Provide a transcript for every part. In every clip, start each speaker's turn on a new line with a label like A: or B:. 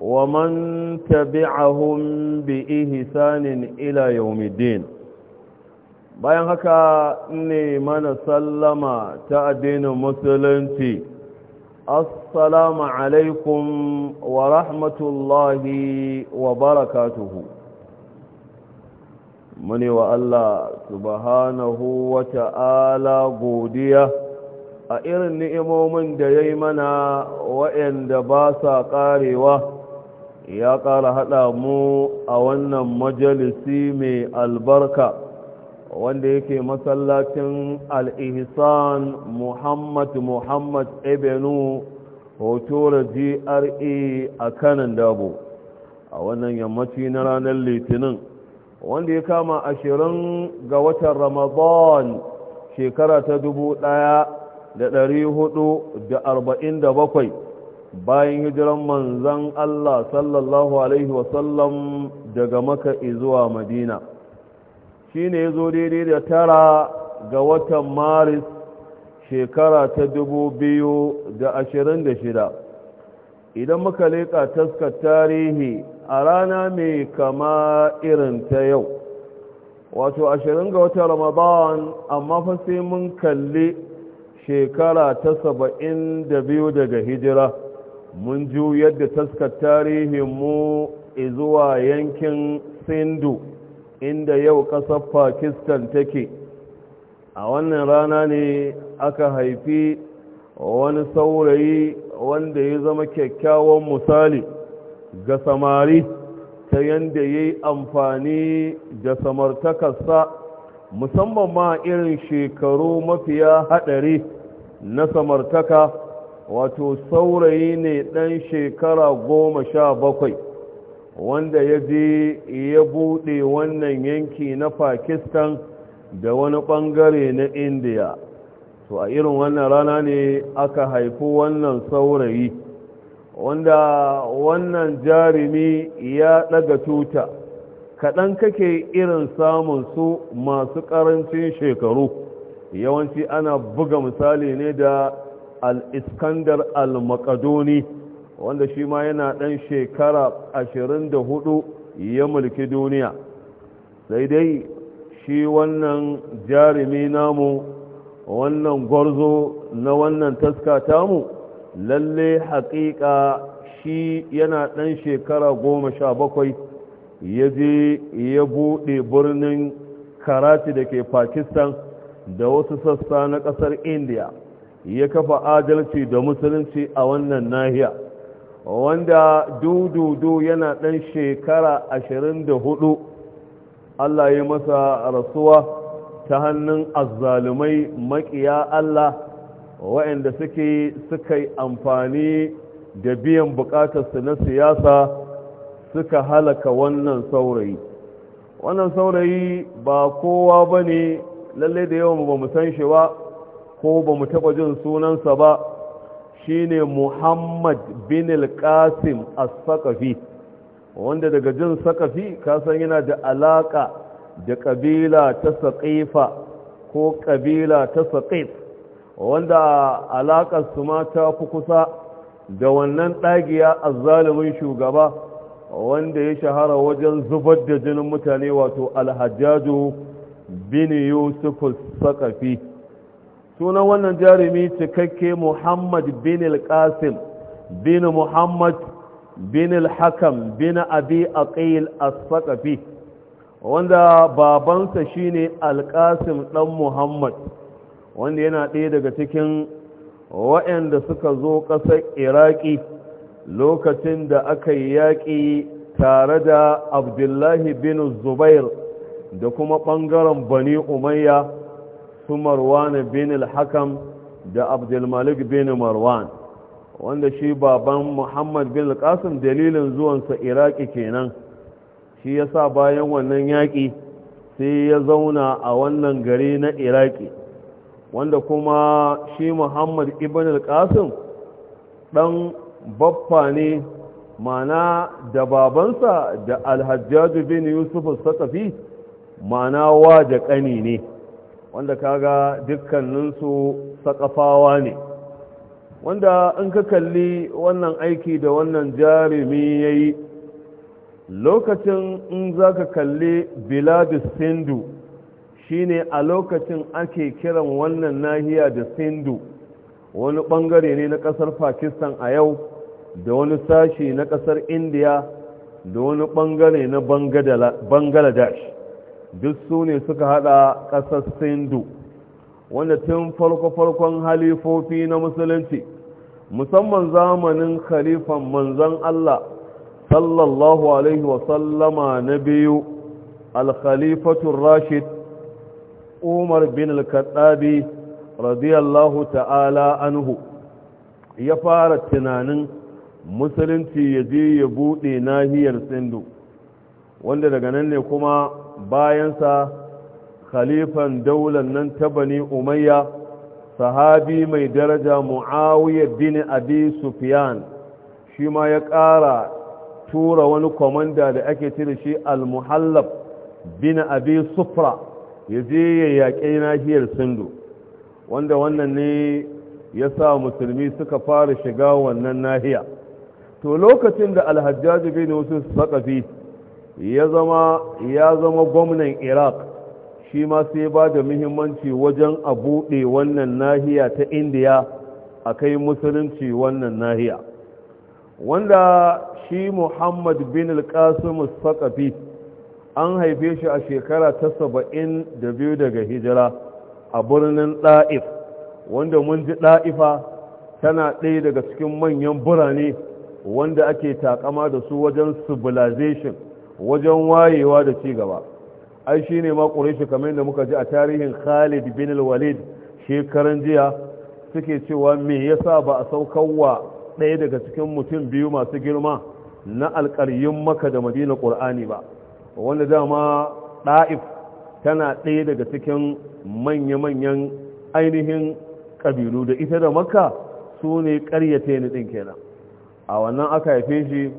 A: ومن تبعهم بإحسان إلى يوم الدين bayan haka ne mana sallama ta addinin musulunci assalamu alaikum wa rahmatullahi wa barakatuhu muni wa Allah subhanahu wa ta'ala godiya a irin ni'imomin da ya yi mana wa'yanda ba sa ƙarewa ya ƙara haɗa mu a wannan majalisi mai albarka wanda yake masallacin al'ihisan muhammad muhammad ebenu hotora gra e a kanan dabo a wannan yammaci na ranar litinin wanda ya kama ashirin ga watan ramadan shekara ta dubu ɗaya da ɗari hudu da arba'in da bakwai bayan hijiran manzan Allah sallallahu Alaihi wasallam daga maka zuwa madina shi ne ya zo daidai da tara ga watan maris shekara ta dubu biyu da ashirin da shida idan muka leƙa taskar tarihi a rana mai kama irin ta yau wato ashirin ga watan ramadan amma fa sai mun kalli shekara ta saba'in da biyu daga hijira mun ju yadda taskar tarihin mu zuwa yankin sindu inda yau ƙasar pakistan take a wannan rana ne aka haifi wani saurayi wanda ya zama kyakkyawan misali ga samari ta yadda ya yi amfani da samartakarsa musamman ma irin shekaru mafiya haɗari na samartaka wato saurayi ne ɗan shekara goma sha bakwai wanda ya je ya buɗe wannan yanki na pakistan da wani ɓangare na indiya to a irin wannan rana ne aka haifi wannan saurayi wanda wannan jarumi ya ɗaga tuta kaɗan kake irin samun su masu ƙarancin shekaru yawanci ana buga misali ne da al-iskandar al-makadoni wanda shi ma yana ɗan shekara ashirin da 24 ya mulki duniya sai dai shi wannan jarumi namu wannan gwarzo na wannan taska tamu lalle haƙiƙa shi yana ɗan shekara goma 17 ya je ya buɗe birnin karati da ke pakistan da wasu sassa na ƙasar india ya kafa adalci da musulunci a wannan nahiya wanda dududu yana ɗan shekara ashirin da hudu Allah ya masa rasuwa ta hannun azzalumai maƙiya Allah waɗanda suke suka yi amfani da biyan su na siyasa suka halaka wannan saurayi wannan saurayi ba kowa ba ne lalle da yawan ba mu san shi ba ko ba mu taɓa jin sunansa ba shine muhammad bin al-qasim as-saqafi wanda daga jin saqafi kasan yana da alaka da ƙabila ta saqifa ko ƙabila ta saqif wanda alakar su ma ta fi kusa da wannan ɗagiya azzalumin shugaba wanda ya shahara wajen zubar da jinin mutane wato alhajjaju bin yusuf saqafi sunan wannan jarumi cikakke muhammad bin al-qasim bin muhammad bin al-hakam bin abi aqil as-saqafi wanda babansa shine al-qasim dan muhammad wanda yana ɗaya daga cikin waɗanda suka zo ƙasar iraki lokacin da aka yi yaƙi tare da abdullahi bin zubair da kuma ɓangaren bani umayya su marwan bin al-hakam da abdulmalik bin marwan wanda shi baban muhammad bin al-qasim dalilin zuwansa iraki kenan shi ya sa bayan wannan yaƙi sai ya zauna a wannan gari na iraki wanda kuma shi muhammad ibn al-qasim ɗan baffa ne mana da babansa da alhajjaju bin yusuf sakafi mana wa da ƙani ne wanda kaga dukkaninsu sakafawa ne wanda in ka kalli wannan aiki da wannan jarumi ya yi lokacin in za ka kalli biladus sindu shine a lokacin ake kiran wannan nahiya da sindu wani bangare ne na kasar pakistan a yau da wani sashi na kasar indiya da wani bangare na bangladesh duk su ne suka hada kasar sindu wanda tun farko-farkon halifofi na musulunci musamman zamanin khalifan manzan Allah sallallahu alaihi wasallama na biyu alkhalifatun rashid umar bin al radiyallahu ta'ala anhu ya fara tunanin musulunci ya je ya buɗe nahiyar sindu wanda daga nan ne kuma bayansa khalifan daular nan ta bani umayya sahabi mai daraja mu'awiyar bin abi sufyan shi ma ya ƙara tura wani kwamanda da ake cire shi al-muhallab bin abi sufra ya je ya yaƙe nahiyar sindu wanda wannan ne ya sa musulmi suka fara shiga wannan nahiya to lokacin da alhajjaji bin wasu saƙafi ya zama ya zama gwamnan iraq shi ma sai ba da muhimmanci wajen a buɗe wannan nahiya ta indiya a kai musulunci wannan nahiya wanda shi muhammad bin al-qasim sakafi an haife shi a shekara ta saba'in da biyu daga hijira a birnin ɗa'if wanda mun ji ɗa'ifa tana ɗaya daga cikin manyan birane wanda ake takama da su wajen civilization wajen wayewa da ci gaba ai ne ma ƙurishi kamar yadda muka ji a tarihin Khalid bin walid shekaran jiya suke cewa me yasa ba a saukar wa ɗaya daga cikin mutum biyu masu girma na alƙaryun maka da madina ƙur'ani ba wanda dama ɗa'if tana ɗaya daga cikin manya-manyan ainihin ƙabilu da ita da makka su ne ƙaryata ni ɗin kenan a wannan aka haife shi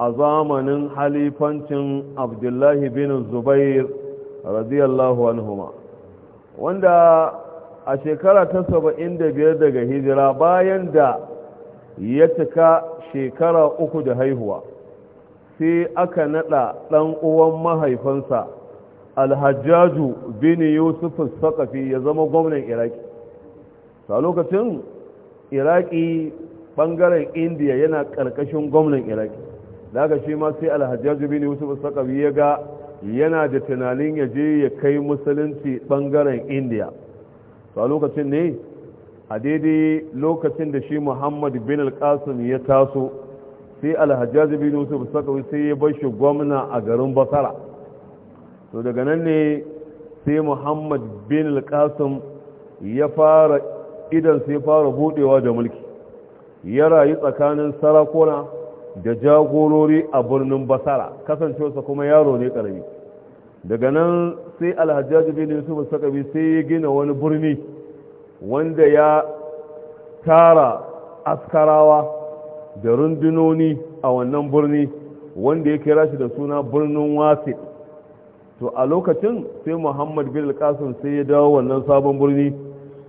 A: a zamanin halifancin abdullahi bin zubair radiyallahu anhuma wanda a shekara ta saba'in da biyar daga hijira bayan da ya cika shekara uku da haihuwa sai aka naɗa ɗan uwan mahaifinsa alhajjaju bin yusuf sakafi ya zama gwamnan iraki a lokacin iraki ɓangaren indiya yana ƙarƙashin gwamnan iraki daga shi ma sai alhajjaju bin yusuf sakawi ya ga yana da tunanin ya je ya kai musulunci bangaren indiya to a lokacin ne a daidai lokacin da shi muhammad bin alkasim ya taso sai alhajjaju bin yusuf sakawi sai ya bar shi gwamna a garin basara to daga nan ne sai muhammad bin alkasim ya fara idan sai fara budewa da mulki ya rayu tsakanin sarakuna da jagorori a birnin basara kasancewarsa kuma yaro ne karami daga nan sai alhajjaji bin yusuf sakabi sai ya gina wani birni wanda ya tara askarawa da rundunoni a wannan birni wanda ya kira shi da suna birnin wasi to a lokacin sai muhammad bin alkasim sai ya dawo wannan sabon birni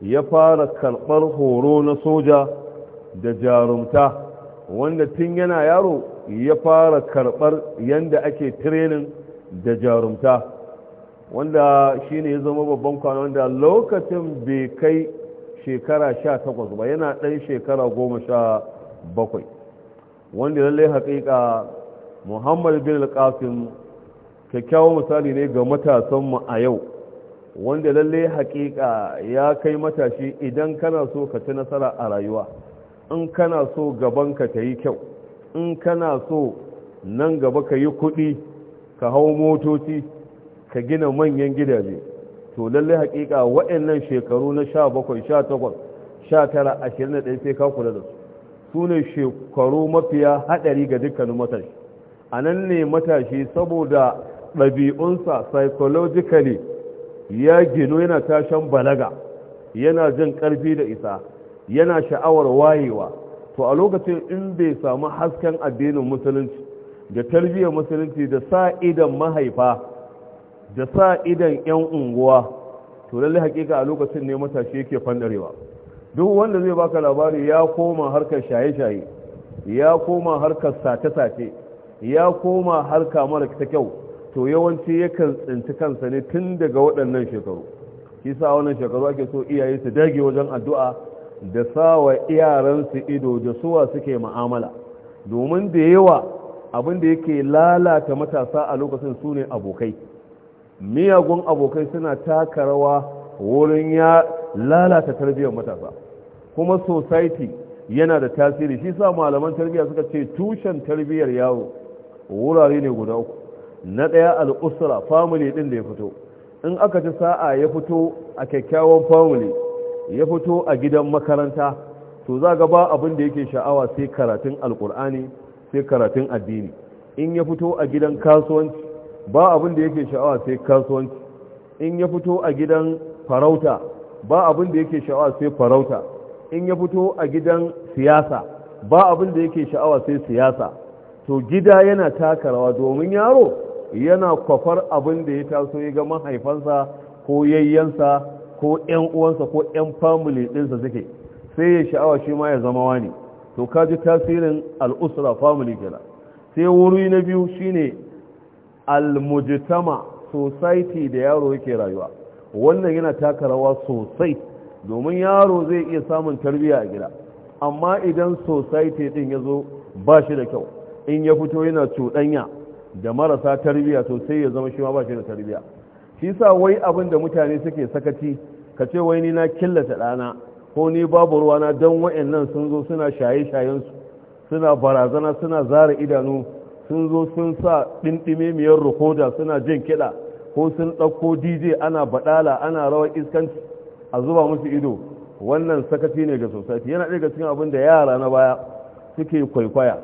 A: ya fara karɓar horo na soja da jarumta wanda tun yana yaro ya fara karɓar yanda ake tirenin da jarumta wanda shi ne ya zama babban kwana wanda lokacin bai kai shekara sha takwas ba yana ɗan shekara goma sha bakwai wanda lallai haƙiƙa muhammad bin alƙasim kyakkyawan misali ne ga matasanmu a yau wanda lallai haƙiƙa ya kai matashi idan kana so ka ci nasara a rayuwa in kana so gabanka ta yi kyau in kana so nan gaba ka yi kuɗi ka hau motoci ka gina manyan gidaje to lallai haƙiƙa waɗannan shekaru na 17 18 19 sai ka kula da su su ne shekaru mafiya haɗari ga dukkanin matashi a nan ne matashi saboda ɗabi'unsa psychologically ya gino yana tashan balaga yana jin ƙarfi da isa yana sha'awar wayewa to a lokacin in bai samu hasken addinin musulunci da tarbiyyar musulunci da sa idan mahaifa da sa idan 'yan unguwa to lallai hakika a lokacin ne matashi yake fandarewa duk wanda zai baka labari ya koma harkar shaye-shaye ya koma harkar sace-sace ya koma harka mara ta kyau to yawanci yakan tsinci kansa ne tun daga waɗannan shekaru shi sa wannan shekaru ake so iyaye su dage wajen addu'a da sawa iyaransu ido da suwa suke ma'amala domin da yawa abin da yake lalata matasa a lokacin su ne abokai miyagun abokai suna taka rawa wurin ya lalata tarbiyyar matasa kuma society yana da tasiri shi sa malaman tarbiyya suka ce tushen tarbiyyar yaro wurare ne guda uku na ɗaya al'usra family ɗin da ya fito in aka ci sa'a ya fito a kyakkyawan family ya fito a gidan makaranta to za ga ba abin da yake sha'awa sai karatun alkur'ani sai karatun addini in ya fito a gidan kasuwanci ba abin da yake sha'awa sai kasuwanci in ya fito a gidan farauta ba abin da yake sha'awa sai farauta in ya fito a gidan siyasa ba abin da yake sha'awa sai siyasa to gida yana taka rawa domin yaro yana kwafar abin da ya taso ya ga mahaifansa ko yayyansa ko 'yan uwansa ko 'yan family ɗinsa suke sai ya sha'awa shi ma ya zama wani to ka ji tasirin al'usra family kenan sai wuri na biyu shine al-mujtama society da yaro yake rayuwa wannan yana taka rawa sosai domin yaro zai iya samun tarbiyya a gida amma idan society din ya zo ba shi da kyau in ya fito yana cuɗanya da marasa tarbiyya to ya zama shi ma ba shi da tarbiyya shi sa wai abin da mutane suke sakaci ka ce wai ni na killata ɗana ko ni babu ruwana don wa'annan sun zo suna shaye-shayensu suna barazana suna zara idanu sun zo sun sa ɗinɗime miyar rikoda suna jin kiɗa ko sun ɗauko dj ana baɗala ana rawar iskanci a zuba musu ido wannan sakaci ne ga sosai yana ɗaya cikin abin da yara na baya suke kwaikwaya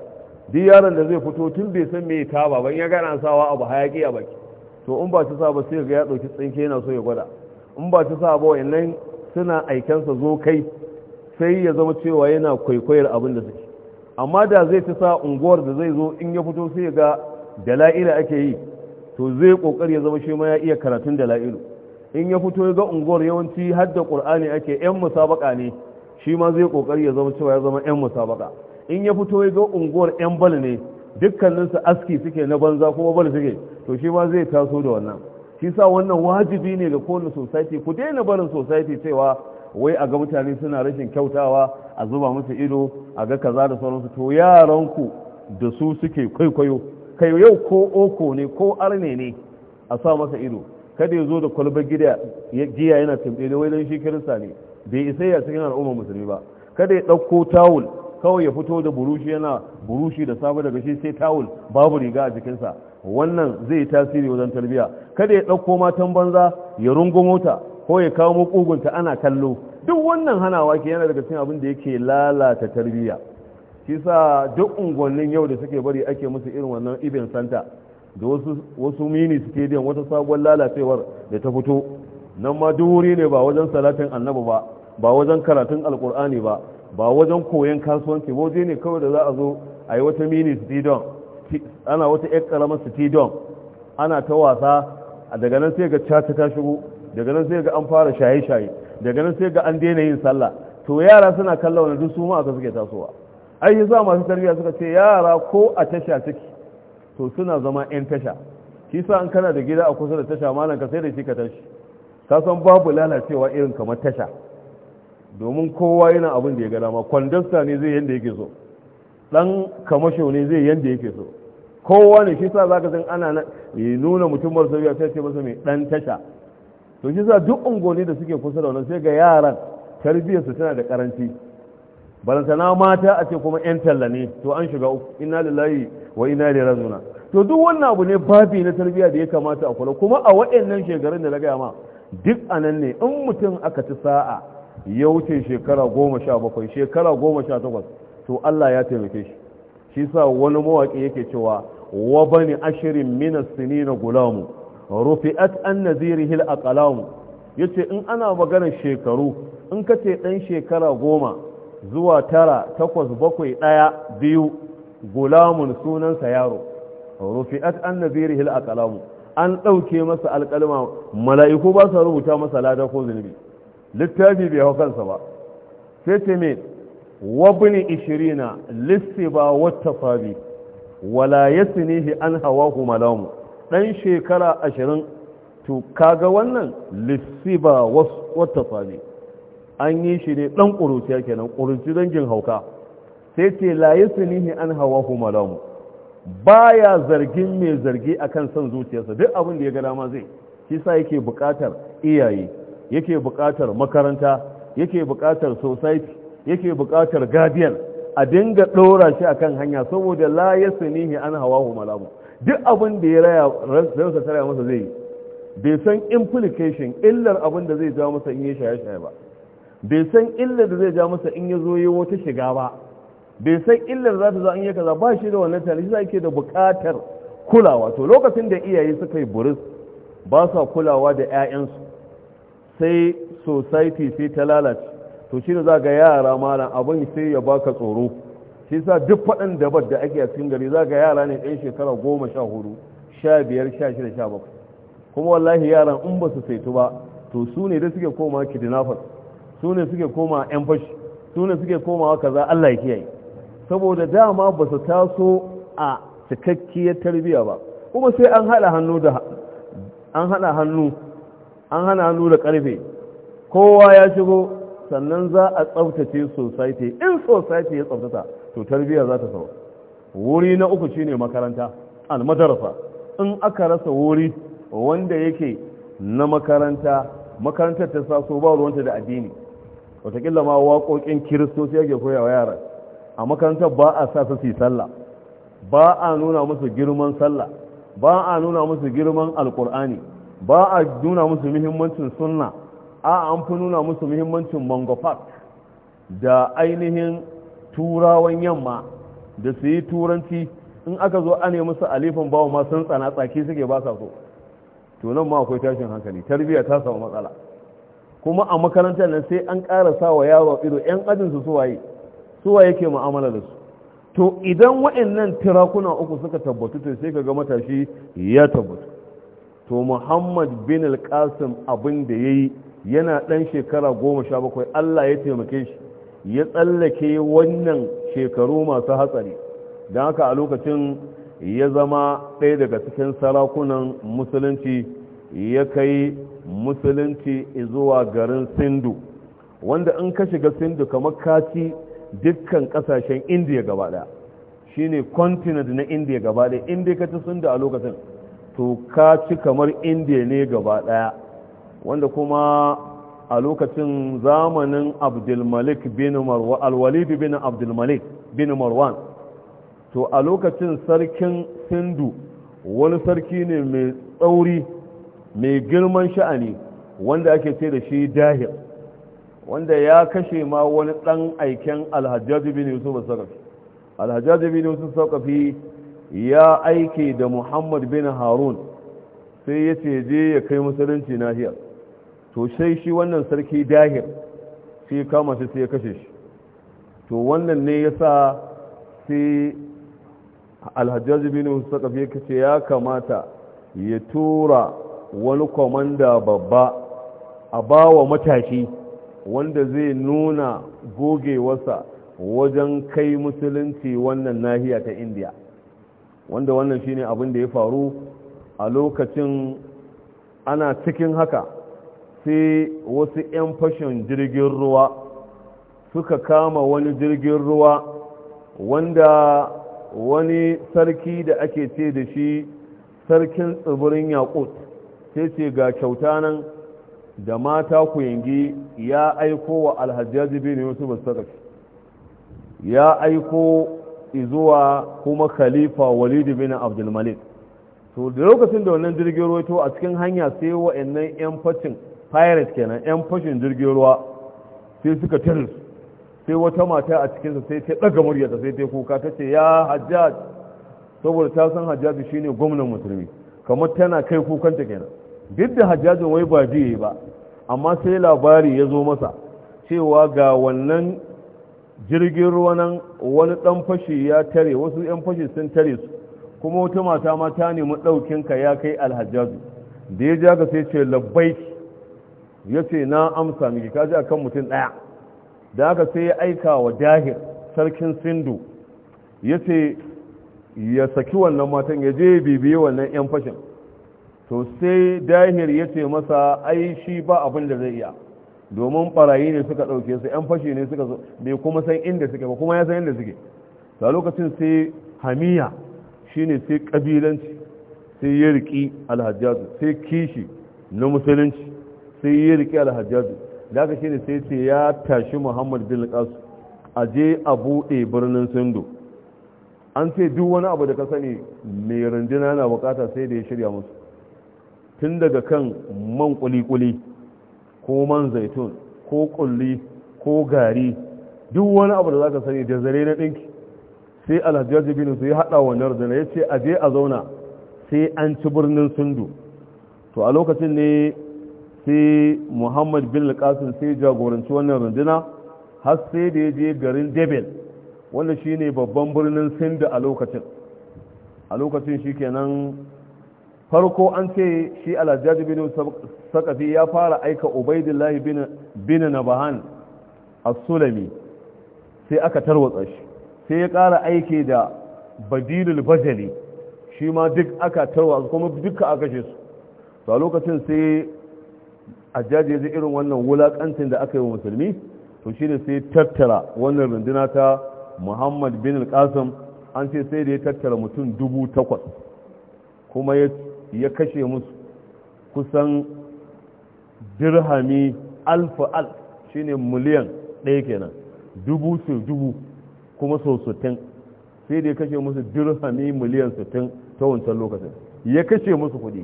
A: duk yaron da zai fito tun bai san mai taba ban ya gana sawa abu hayaki a baki to in ba ci sa ba sai ga ya dauki tsinke yana so ya gwada in ba ci sa ba wayannan suna sa zo kai sai ya zama cewa yana kwaikwayar abin da suke amma da zai ci sa unguwar da zai zo in ya fito sai ga dala'ila ake yi to zai kokari ya zama shi ma ya iya karatun dala'ilu in ya fito ya ga unguwar yawanci har da qur'ani ake yan musabaka ne shi ma zai kokari ya zama cewa ya zama yan musabaka in ya fito ya ga unguwar yan bal ne dukkaninsu aski suke na banza kuma bal suke to shi ma zai taso da wannan shi sa wannan wajibi ne ga kowane society ku daina barin society cewa wai a ga mutane suna rashin kyautawa a zuba musu ido a ga kaza da sauransu to yaranku da su suke kwaikwayo kai yau ko oko ne ko arne ne a sa masa ido kada ya zo da kwalbar gida giya yana tambaye da wai dan shi kirista ne bai isa ya cikin al'umma musulmi ba kada ya ɗauko tawul kawai ya fito da burushi yana burushi da sabu daga shi sai tawul babu riga a jikinsa wannan zai yi tasiri wajen tarbiya kada ya ɗauko matan banza ya rungu mota ko ya kawo mukugunta ana kallo duk wannan hanawa ke yana daga cikin abin da yake lalata tarbiyya shi sa duk unguwannin yau da suke bari ake musu irin wannan ibin santa da wasu wasu mini stadium wata sabuwar lalacewar da ta fito nan ma duk wuri ne ba wajen salatin annabi ba ba wajen karatun alkur'ani ba ba wajen koyon kasuwanci waje ne kawai da za a zo a yi wata mini stadium ana wata ƴan ƙaramin stadium ana ta wasa daga nan sai ga caca ta shigo daga nan sai ga an fara shaye-shaye daga nan sai ga an daina yin sallah to yara suna kallon wani duk su ma aka suke tasowa ai yasa masu tarbiyya suka ce yara ko a tasha take to suna zama yan tasha shi sa an kana da gida a kusa da tasha malam ka sai da shi ka tashi ka san babu lalacewa irin kamar tasha domin kowa yana abin da ya ga dama kwandasta ne zai yanda yake so dan kamasho ne zai yanda yake so kowa ne shi sa za ka san ana nuna mutum sauya sai ce masa mai ɗan tasha to shi sa duk unguwanni da suke kusa da wannan sai ga yaran tarbiyyarsu tana da karanci balantana mata a ce kuma 'yan talla ne to an shiga uku ina lillahi wa ina da razuna to duk wannan abu ne babi na tarbiyya da ya kamata a kula kuma a waɗannan shekarun da na gaya ma duk a nan ne in mutum aka ci sa'a ya wuce shekara goma sha bakwai shekara goma sha takwas to Allah ya taimake shi shi sa wani mawaƙi yake cewa wa bani ashirin min sinina gulamu rufi'at an nazirihi al-aqlamu yace in ana maganar shekaru in kace ce dan shekara goma zuwa tara takwas bakwai ɗaya biyu gulamun sunansa yaro rufi'at an nazirihi al-aqlamu an ɗauke masa alƙalma mala'iku ba su rubuta masa lada ko zunubi littafi bai hau kansa ba sai ce me wabni ishirina lissi ba wata fabi wala yasnihi an hawahu malamu dan shekara ashirin to kaga wannan lissiba wata fali an yi shi ne dan ƙuruciya kenan ƙuruci dangin hauka sai ce la yasnihi an hawahu malamu baya zargin mai zargi akan son zuciyarsa duk abin da ya ga dama zai shi sa yake buƙatar iyaye yake buƙatar makaranta yake buƙatar society yake buƙatar guardian a dinga ɗora shi akan hanya saboda la ya sanihi an hu malamu duk abin da ya raya ransa tara masa zai yi bai san implication illar abin da zai ja masa in ya shaye shaye ba bai san illar da zai ja masa in ya zo yi wata shiga ba bai san illar za ta zo in ya kaza ba shi da wannan tare shi ke da buƙatar kulawa to lokacin da iyaye suka yi buris ba sa kulawa da ƴaƴansu sai society sai ta lalace to shi ne za ga yara malam abin sai ya baka tsoro shi sa duk faɗin dabar da ake a cikin gari za ga yara ne ɗan shekara goma sha hudu sha biyar sha shida sha bakwai kuma wallahi yaran in ba su saitu ba to su ne da suke koma kidnappers su ne suke koma yan fashi su ne suke koma kaza Allah ya kiyaye saboda dama ba su taso a cikakkiyar tarbiyya ba kuma sai an haɗa hannu da an haɗa hannu an hana hannu da ƙarfe kowa ya shigo sannan za a tsaftace society in society ya tsaftata to tarbiyya za ta sau wuri na uku shine makaranta almadarasa in aka rasa wuri wanda yake na makaranta makarantar ta saso ba ruwanta da addini watakila ma waƙoƙin kiristoci yake koyawa yara a makarantar ba a sa su sallah ba a nuna musu girman sallah ba a nuna musu girman Alƙur'ani, ba a nuna musu muhimmancin sunna a an fi nuna musu muhimmancin mango park da ainihin turawan yamma da su yi turanci in aka zo ane musu alifin bawa ma tsana tsaki suke ba sa so to nan ma akwai tashin hankali tarbiyya ta samu matsala kuma a makarantar nan sai an ƙara sa wa yaro ido yan ajin su suwaye suwaye ke mu'amala da su to idan waɗannan tirakuna uku suka tabbatu to sai kaga matashi ya tabbatu to Muhammad bin al-Qasim abin da yayi yana ɗan shekara goma sha bakwai allah ya taimake shi ya tsallake wannan shekaru masu hatsari don haka a lokacin ya zama ɗaya daga cikin sarakunan musulunci ya kai musulunci zuwa garin sindu wanda in ka shiga sindu kamar kaci dukkan kasashen indiya gabaɗaya shi ne continent na indiya gabaɗaya inda ka ci sindu a lokacin to kaci kamar indiya ne gabaɗaya wanda kuma a lokacin zamanin abdulmalik bin marwan alwalid bin abdulmalik bin marwan to a lokacin sarkin sindu wani sarki ne mai tsauri mai girman sha'ani wanda ake ce da shi dahir wanda ya kashe ma wani dan aiken alhajjaji bin yusuf sakafi alhajjaji bin yusuf sakafi ya aike da muhammad bin harun sai ya ce je ya kai musulunci nahiyar to sai shi wannan sarki dahir sai kama shi sai ya kashe shi to wannan ne ya sa sai alhajjaji bin sakafi ya kace ya kamata ya tura wani kwamanda babba a ba wa matashi wanda zai nuna gogewarsa wajen kai musulunci wannan nahiya ta indiya wanda wannan shine abin da ya faru a lokacin ana cikin haka sai wasu 'yan fashin jirgin ruwa suka kama wani jirgin ruwa wanda wani sarki da ake ce da shi sarkin tsibirin yakut sai ce ga kyauta nan da mata ku yangi ya aiko wa alhajjaji bin yusuf sakas ya aiko izuwa kuma khalifa walidu bin abdulmalik to da lokacin da wannan jirgin ruwa to a cikin hanya sai wa'annan 'yan facin pirates kenan yan fashin jirgin ruwa sai suka tare sai wata mata a cikinsa sai ta daga muryarta sai ta kuka ta ce ya hajjaj saboda ta san hajjaj ne gwamnan musulmi kamar tana kai kukanta kenan duk da hajjajin wai ba biye ba amma sai labari ya zo masa cewa ga wannan jirgin ruwa nan wani dan fashi ya tare wasu yan fashi sun tare su kuma wata mata ma ta nemi ka ya kai alhajjaj da ya ja ka sai ce labbaiki ya ce na amsa miki ka a akan mutum ɗaya da aka sai ya aika wa dahir sarkin sindu ya ce ya saki wannan matan ya je bibiye wannan 'yan fashin to sai dahir ya ce masa ai shi ba abin da zai iya domin barayi ne suka ɗauke su 'yan fashi ne suka mai kuma san inda suke ba kuma ya san inda suke a lokacin sai hamiya shi ne sai ƙabilanci sai ya riƙi alhajjazu sai kishi na musulunci sai ya riƙe alhajjaju da aka shi ne sai ce ya tashi muhammad bin lakas a je a buɗe birnin sindu an ce duk wani abu da ka sani mai rundina na bukata sai da ya shirya musu tun daga kan man kuli-kuli ko man zaitun ko kulli ko gari duk wani abu da za ka sani da zare na ɗinki sai alhajjaji bin su ya haɗa wannan rundunar ya ce a je a zauna sai an ci birnin sindu to a lokacin ne sai muhammad bin alkasin sai jagoranci wannan runduna har sai da ya je garin debel wanda shine babban birnin sinda a lokacin a lokacin shi kenan farko an ce shi alajaji bin sakafi ya fara aika ubaidillahi bin nabahan a sulami sai aka tarwatsa shi sai ya kara aiki da badilul bajali shi ma duk aka tarwatsa kuma duka aka kashe su a lokacin sai a ya irin wannan wulakancin da aka yi wa musulmi to shi ne sai tattara wannan runduna ta muhammad bin al-qasim an ce sai da ya tattara mutum dubu takwas kuma ya kashe musu kusan dirhami alfa al shi ne miliyan ɗaya kenan dubu su dubu kuma sau sittin sai da ya kashe musu dirhami miliyan sittin ta wancan lokacin ya kashe musu kuɗi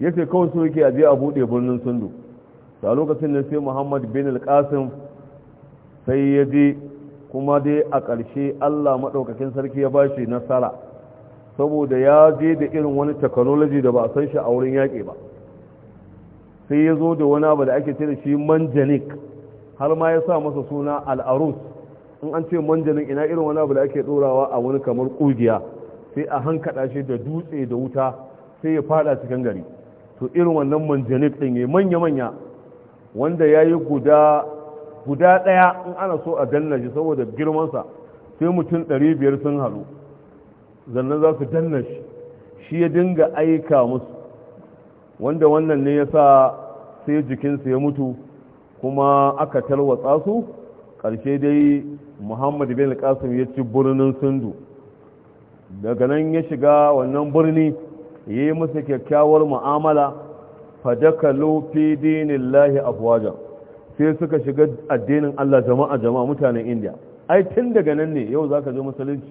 A: ya ce kawai su yake aje a buɗe birnin sundu to a lokacin da sai muhammad bin alƙasim sai ya je kuma dai a ƙarshe allah maɗaukakin sarki ya ba shi nasara saboda ya je da irin wani technology da ba a san shi a wurin yaƙi ba sai ya zo da wani abu da ake cire shi manjanik har ma ya sa masa suna al'arus in an ce manjanik ina irin wani abu da ake ɗorawa a wani kamar ƙugiya sai a hankaɗa shi da dutse da wuta sai ya fada cikin gari to irin wannan manjanik ɗin ya manya-manya wanda ya yi guda guda ɗaya in ana so a danna shi saboda girmansa sai mutum ɗari biyar sun haɗu zannan za su danna shi shi ya dinga aika musu wanda wannan ne ya sa sai jikinsu ya mutu kuma aka talwatsa su ƙarshe dai muhammad bin kasim ya ci birnin sindu daga nan ya shiga wannan birni ya yi musu kyakkyawar mu'amala fadakalu fi dinillahi afwaja sai suka shiga addinin Allah jama'a jama'a mutanen India ai tun daga nan ne yau zaka je musulunci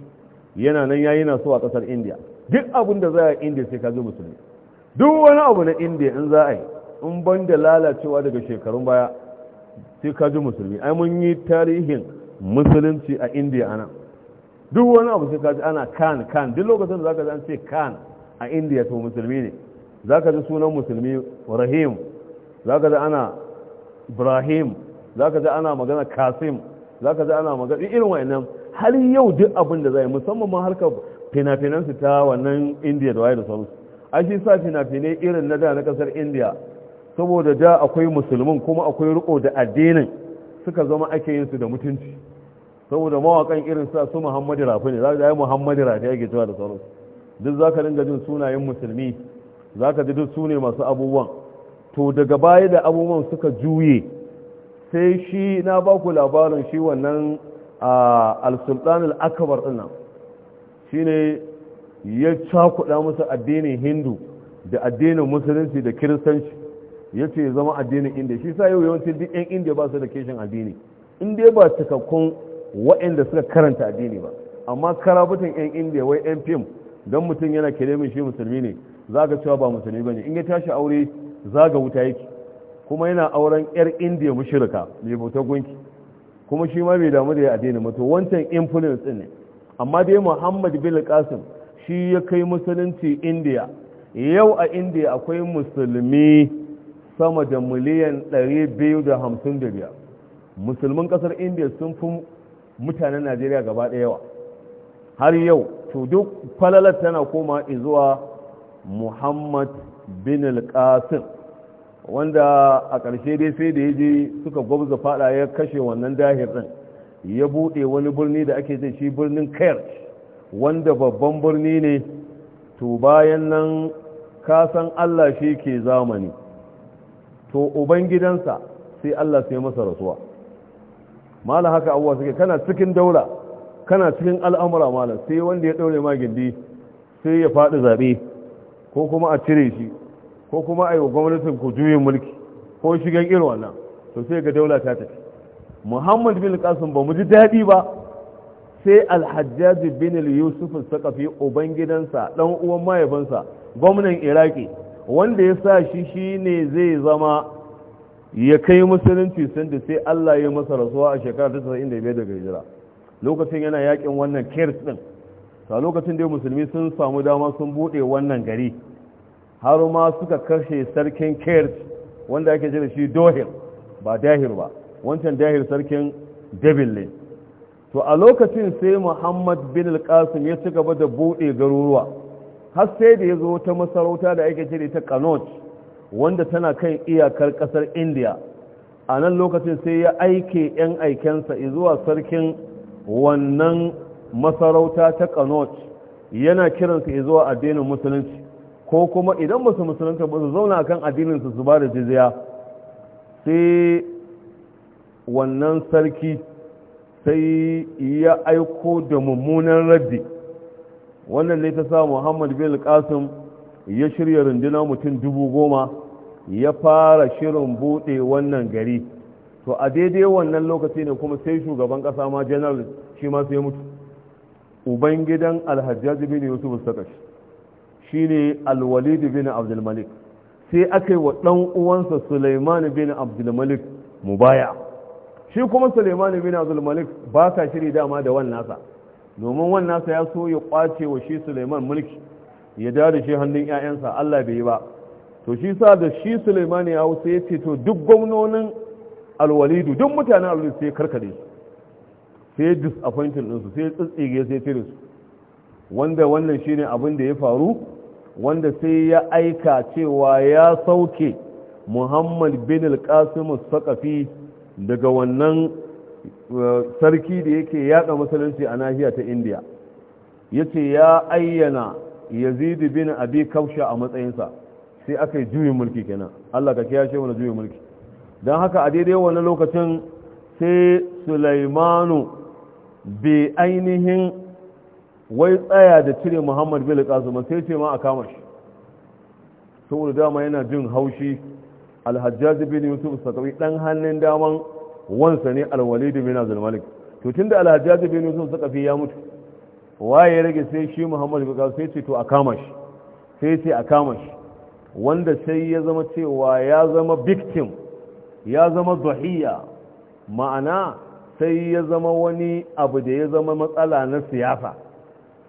A: yana nan yayi na so a kasar India duk abin da za a India sai ka je musulmi duk wani abu na India in za a yi in ban da lalacewa daga shekarun baya sai ka ji musulmi ai mun yi tarihin musulunci a India ana duk wani abu sai ka ji ana kan kan duk lokacin da zaka ji an ce kan a India to musulmi ne za ka ji sunan musulmi rahim za ka ji ana ibrahim za ka ji ana magana kasim za ka ji ana magana irin wa'annan har yau duk abin da zai musamman ma harkar fina su ta wannan indiya da waye da sauransu an shi sa fina-finai irin na da na kasar indiya saboda da akwai musulmin kuma akwai riko da addinin suka zama ake yin su da mutunci saboda mawakan irin sa su muhammadu rafi ne za ka yi muhammadu rafi ake cewa da sauransu duk za ka dinga jin sunayen musulmi za ka ji duk sune masu abubuwan to daga baya da abubuwan suka juye sai shi na ba ku labarin shi wannan al-sultan al-akbar ɗin nan shi ne ya cakuɗa musu addinin hindu da addinin musulunci da kiristanci yace zama addinin indiya shi sa yau yawancin duk 'yan indiya ba su da kishin addini indiya ba cikakkun waɗanda suka karanta addini ba amma karabutan 'yan indiya wai 'yan fim don mutum yana kere min shi musulmi ne za ga cewa ba musulmi bane in ya tashi aure za ga wuta yake kuma yana auren yar indiya mushrika mai bautar gunki kuma shi ma mai damu da ya addini mutu wancan influence din ne amma dai muhammad bin qasim shi ya kai musulunci indiya yau a indiya akwai musulmi sama da miliyan 255 musulmin kasar indiya sun fi mutanen najeriya gaba ɗaya yawa har yau to duk falalar tana koma zuwa muhammad bin al-qasim wanda a ƙarshe dai sai da ya je suka gwabza fada ya kashe wannan dahir ɗin ya buɗe wani birni da ake jin shi birnin kair wanda babban birni ne to bayan nan kasan allah shi ke zamani to ubangidansa sai allah sai masa rasuwa mala haka abuwa suke kana cikin daula kana cikin al'amura mala sai wanda ya ɗaure ma sai ya faɗi zaɓe ko kuma a cire shi ko kuma a yi wa gwamnatin ku juyin mulki ko shigan irin wannan to sai ga daula ta tafi muhammad bin qasim ba mu ji daɗi ba sai alhajjaj bin yusuf sakafi ubangidansa dan uwan mahaifinsa gwamnan iraki wanda ya sa shi shine zai zama ya kai musulunci sanda sai Allah ya masa rasuwa a shekara ta 95 daga hijira lokacin yana yakin wannan kirs din to a lokacin da musulmi sun samu dama sun bude wannan gari har ma suka kashe sarkin kert wanda ake jira shi dohir ba dahir ba wancan dahir sarkin devil ne to a lokacin sai muhammad bin al-qasim ya ci gaba da bude garuruwa har sai da ya zo ta masarauta da ake jira ta kanot wanda tana kan iyakar kasar india a nan lokacin sai ya aike 'yan aikensa zuwa sarkin wannan masarauta ta kanot yana kiransa ya zuwa addinin musulunci ko kuma idan ba su ba su zauna a kan addininsu su ba da jiziya sai wannan sarki sai ya aiko da mummunan raddi wannan ne ta sa muhammad bin qasim ya shirya rundunar mutum dubu goma ya fara shirin bude wannan gari to a daidai wannan lokaci ne kuma sai shugaban kasa ma general shi ma sai mutu ubangidan alhajjaji bin yusuf sakash shine alwalid bin abdulmalik sai aka yi wa ɗan uwansa suleiman bin abdulmalik mubaya shi kuma suleiman bin abdulmalik ba ka shiri dama da wannasa domin wannasa ya so ya kwace wa shi suleiman mulki ya da shi hannun 'ya'yansa allah bai yi ba to shi sa da shi suleiman ya hau ya ce to duk gwamnonin alwalidu duk mutanen alwalidu sai karkare su sai din ɗinsu sai tsitsige sai cire su wanda wannan shine abin da ya faru wanda sai ya aika cewa ya sauke muhammad bin al-qasim sakafi daga wannan uh, sarki da yake yaƙa musulunci a nahiya ta indiya ya ce ya ayyana yazid bin abi kausha a matsayinsa sai aka yi juyin mulki kenan allah ka kiyashe wani juyin mulki don haka a daidai wani lokacin sai sulaimanu bai ainihin wai tsaya da cire muhammad bello kasuma sai ce ma a kama shi saboda dama yana jin haushi alhajjaji bin yusuf sakawi dan hannun daman wansa ne alwalid bin abdul malik to tunda alhajjaji bin yusuf sakafi ya mutu waye ya rage sai shi muhammad bin kasum sai ce to a kama shi sai ce a kama shi wanda sai ya zama cewa ya zama victim ya zama zahiya ma'ana sai ya zama wani abu da ya zama matsala na siyasa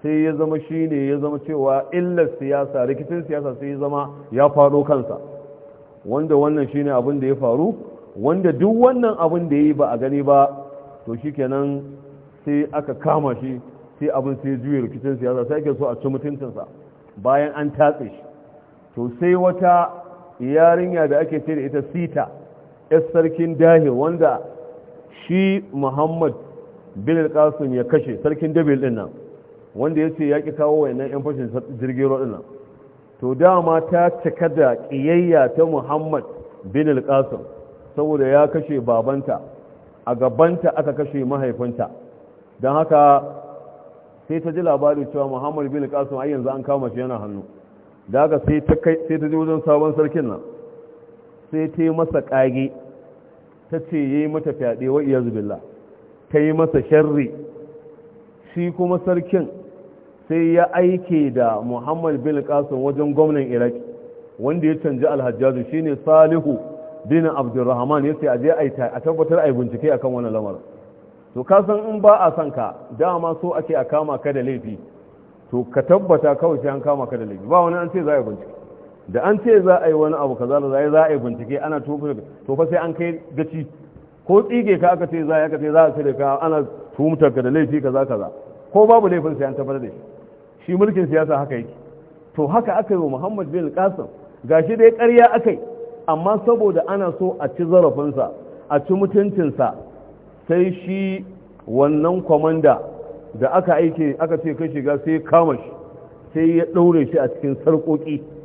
A: sai ya zama shi ne ya zama cewa illar siyasa rikicin siyasa sai ya zama ya faɗo kansa wanda wannan shi ne abin da ya faru wanda duk wannan abin da ya yi ba a gani ba to shi kenan sai aka kama shi sai abin sai juye rikicin siyasa sai ake so a ci mutuncinsa bayan an tatse shi to sai wata yarinya da ake ce da ita sita 'yar sarkin dahi wanda shi muhammad bin alƙasun ya kashe sarkin dabil ɗin nan wanda ya ce ya ƙi kawo wayannan 'yan fashin jirgin ruwa ɗin to dama ta cika da ƙiyayya ta muhammad bin alƙasun saboda ya kashe babanta a gabanta aka kashe mahaifinta don haka sai ta ji labari cewa muhammad bin alƙasun ai yanzu an kama shi yana hannu da haka sai ta ji wajen sabon sarkin nan sai ta yi masa ƙage ta ce ya yi mata fyaɗe wa iya zubilla ta yi masa sharri shi kuma sarkin sai ya aike da muhammad bin kasim wajen gwamnan iraq wanda ya canji shi shine salihu bin abdurrahman ya ce a tabbatar a yi bincike akan wani lamarin to ka san in ba a son ka dama so ake a kama ka da laifi to ka tabbata kawai sai an kama ka da laifi ba wani an ce za a yi bincike da an ce za a yi wani abu kaza da za a yi bincike ana to fa sai an kai gaci ko tsige ka aka ce za a ce za a da ka ana tuhumtar ka da laifi kaza kaza ko babu laifin sai an tabbatar da shi shi mulkin siyasa haka yake to haka aka yi wa Muhammad bin Qasim gashi dai ƙarya aka yi amma saboda ana so a ci zarafinsa a ci mutuncinsa sai shi wannan kwamanda da aka aike aka ce kai shiga sai kama shi sai ya ɗaure shi a cikin sarƙoƙi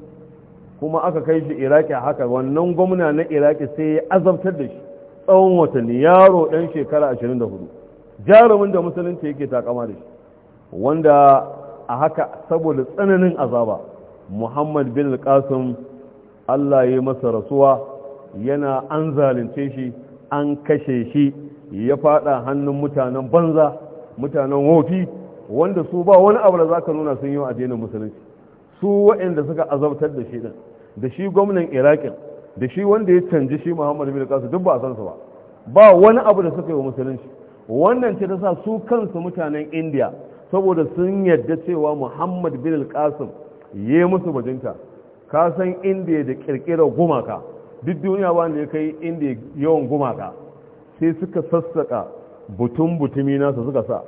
A: kuma aka kai shi iraki a haka wannan gwamna na iraki sai ya azabtar da shi tsawon watanni yaro ɗan shekara 24 jarumin da musulunci yake takama da shi wanda a haka saboda tsananin azaba muhammad bin Alƙasim allah ya masa rasuwa yana an zalunce shi an kashe shi ya fada hannun mutanen banza mutanen wofi wanda su ba wani abu da za ka nuna sun yi wa addinin musulunci su waɗanda suka azabtar da shi din da shi gwamnan iraqin da shi wanda ya canji shi muhammadu bin kasu duk ba a san ba ba wani abu da suka yi wa musulunci wannan ce ta sa su kansu mutanen indiya saboda sun yadda cewa Muhammadu bin kasim ya yi musu bajinta ka san indiya da kirkirar gumaka duk duniya ba da ya kai indiya yawan gumaka sai suka sassaka butun butumi nasa suka sa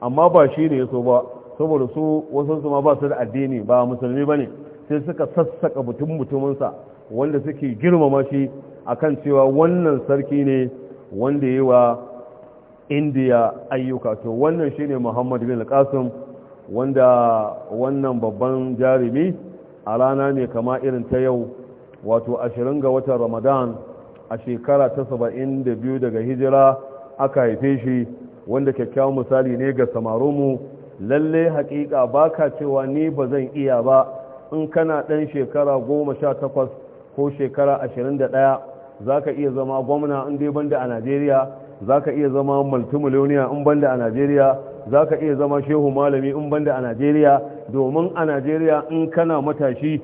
A: amma ba shi ne ya so ba saboda su wasansu ma ba su da addini ba musulmi bane sai suka sassaka mutum mutuminsa wanda suke girmama shi akan cewa wannan sarki ne wanda yi wa indiya ayyuka to wannan shine muhammad bin qasim wanda wannan babban jarumi a rana ne kama irin ta yau wato 20 ga watan ramadan a shekara ta 72 daga hijira aka haife shi wanda kyakkyawan misali ne ga samarinmu lalle haƙiƙa ba ka cewa ni ba zan iya ba in kana ɗan shekara goma sha takwas ko shekara ashirin da ɗaya za ka iya zama gwamna in dai banda a najeriya za ka iya zama multimiliyoniya in banda a najeriya za ka iya zama shehu malami in banda a najeriya domin a najeriya in kana matashi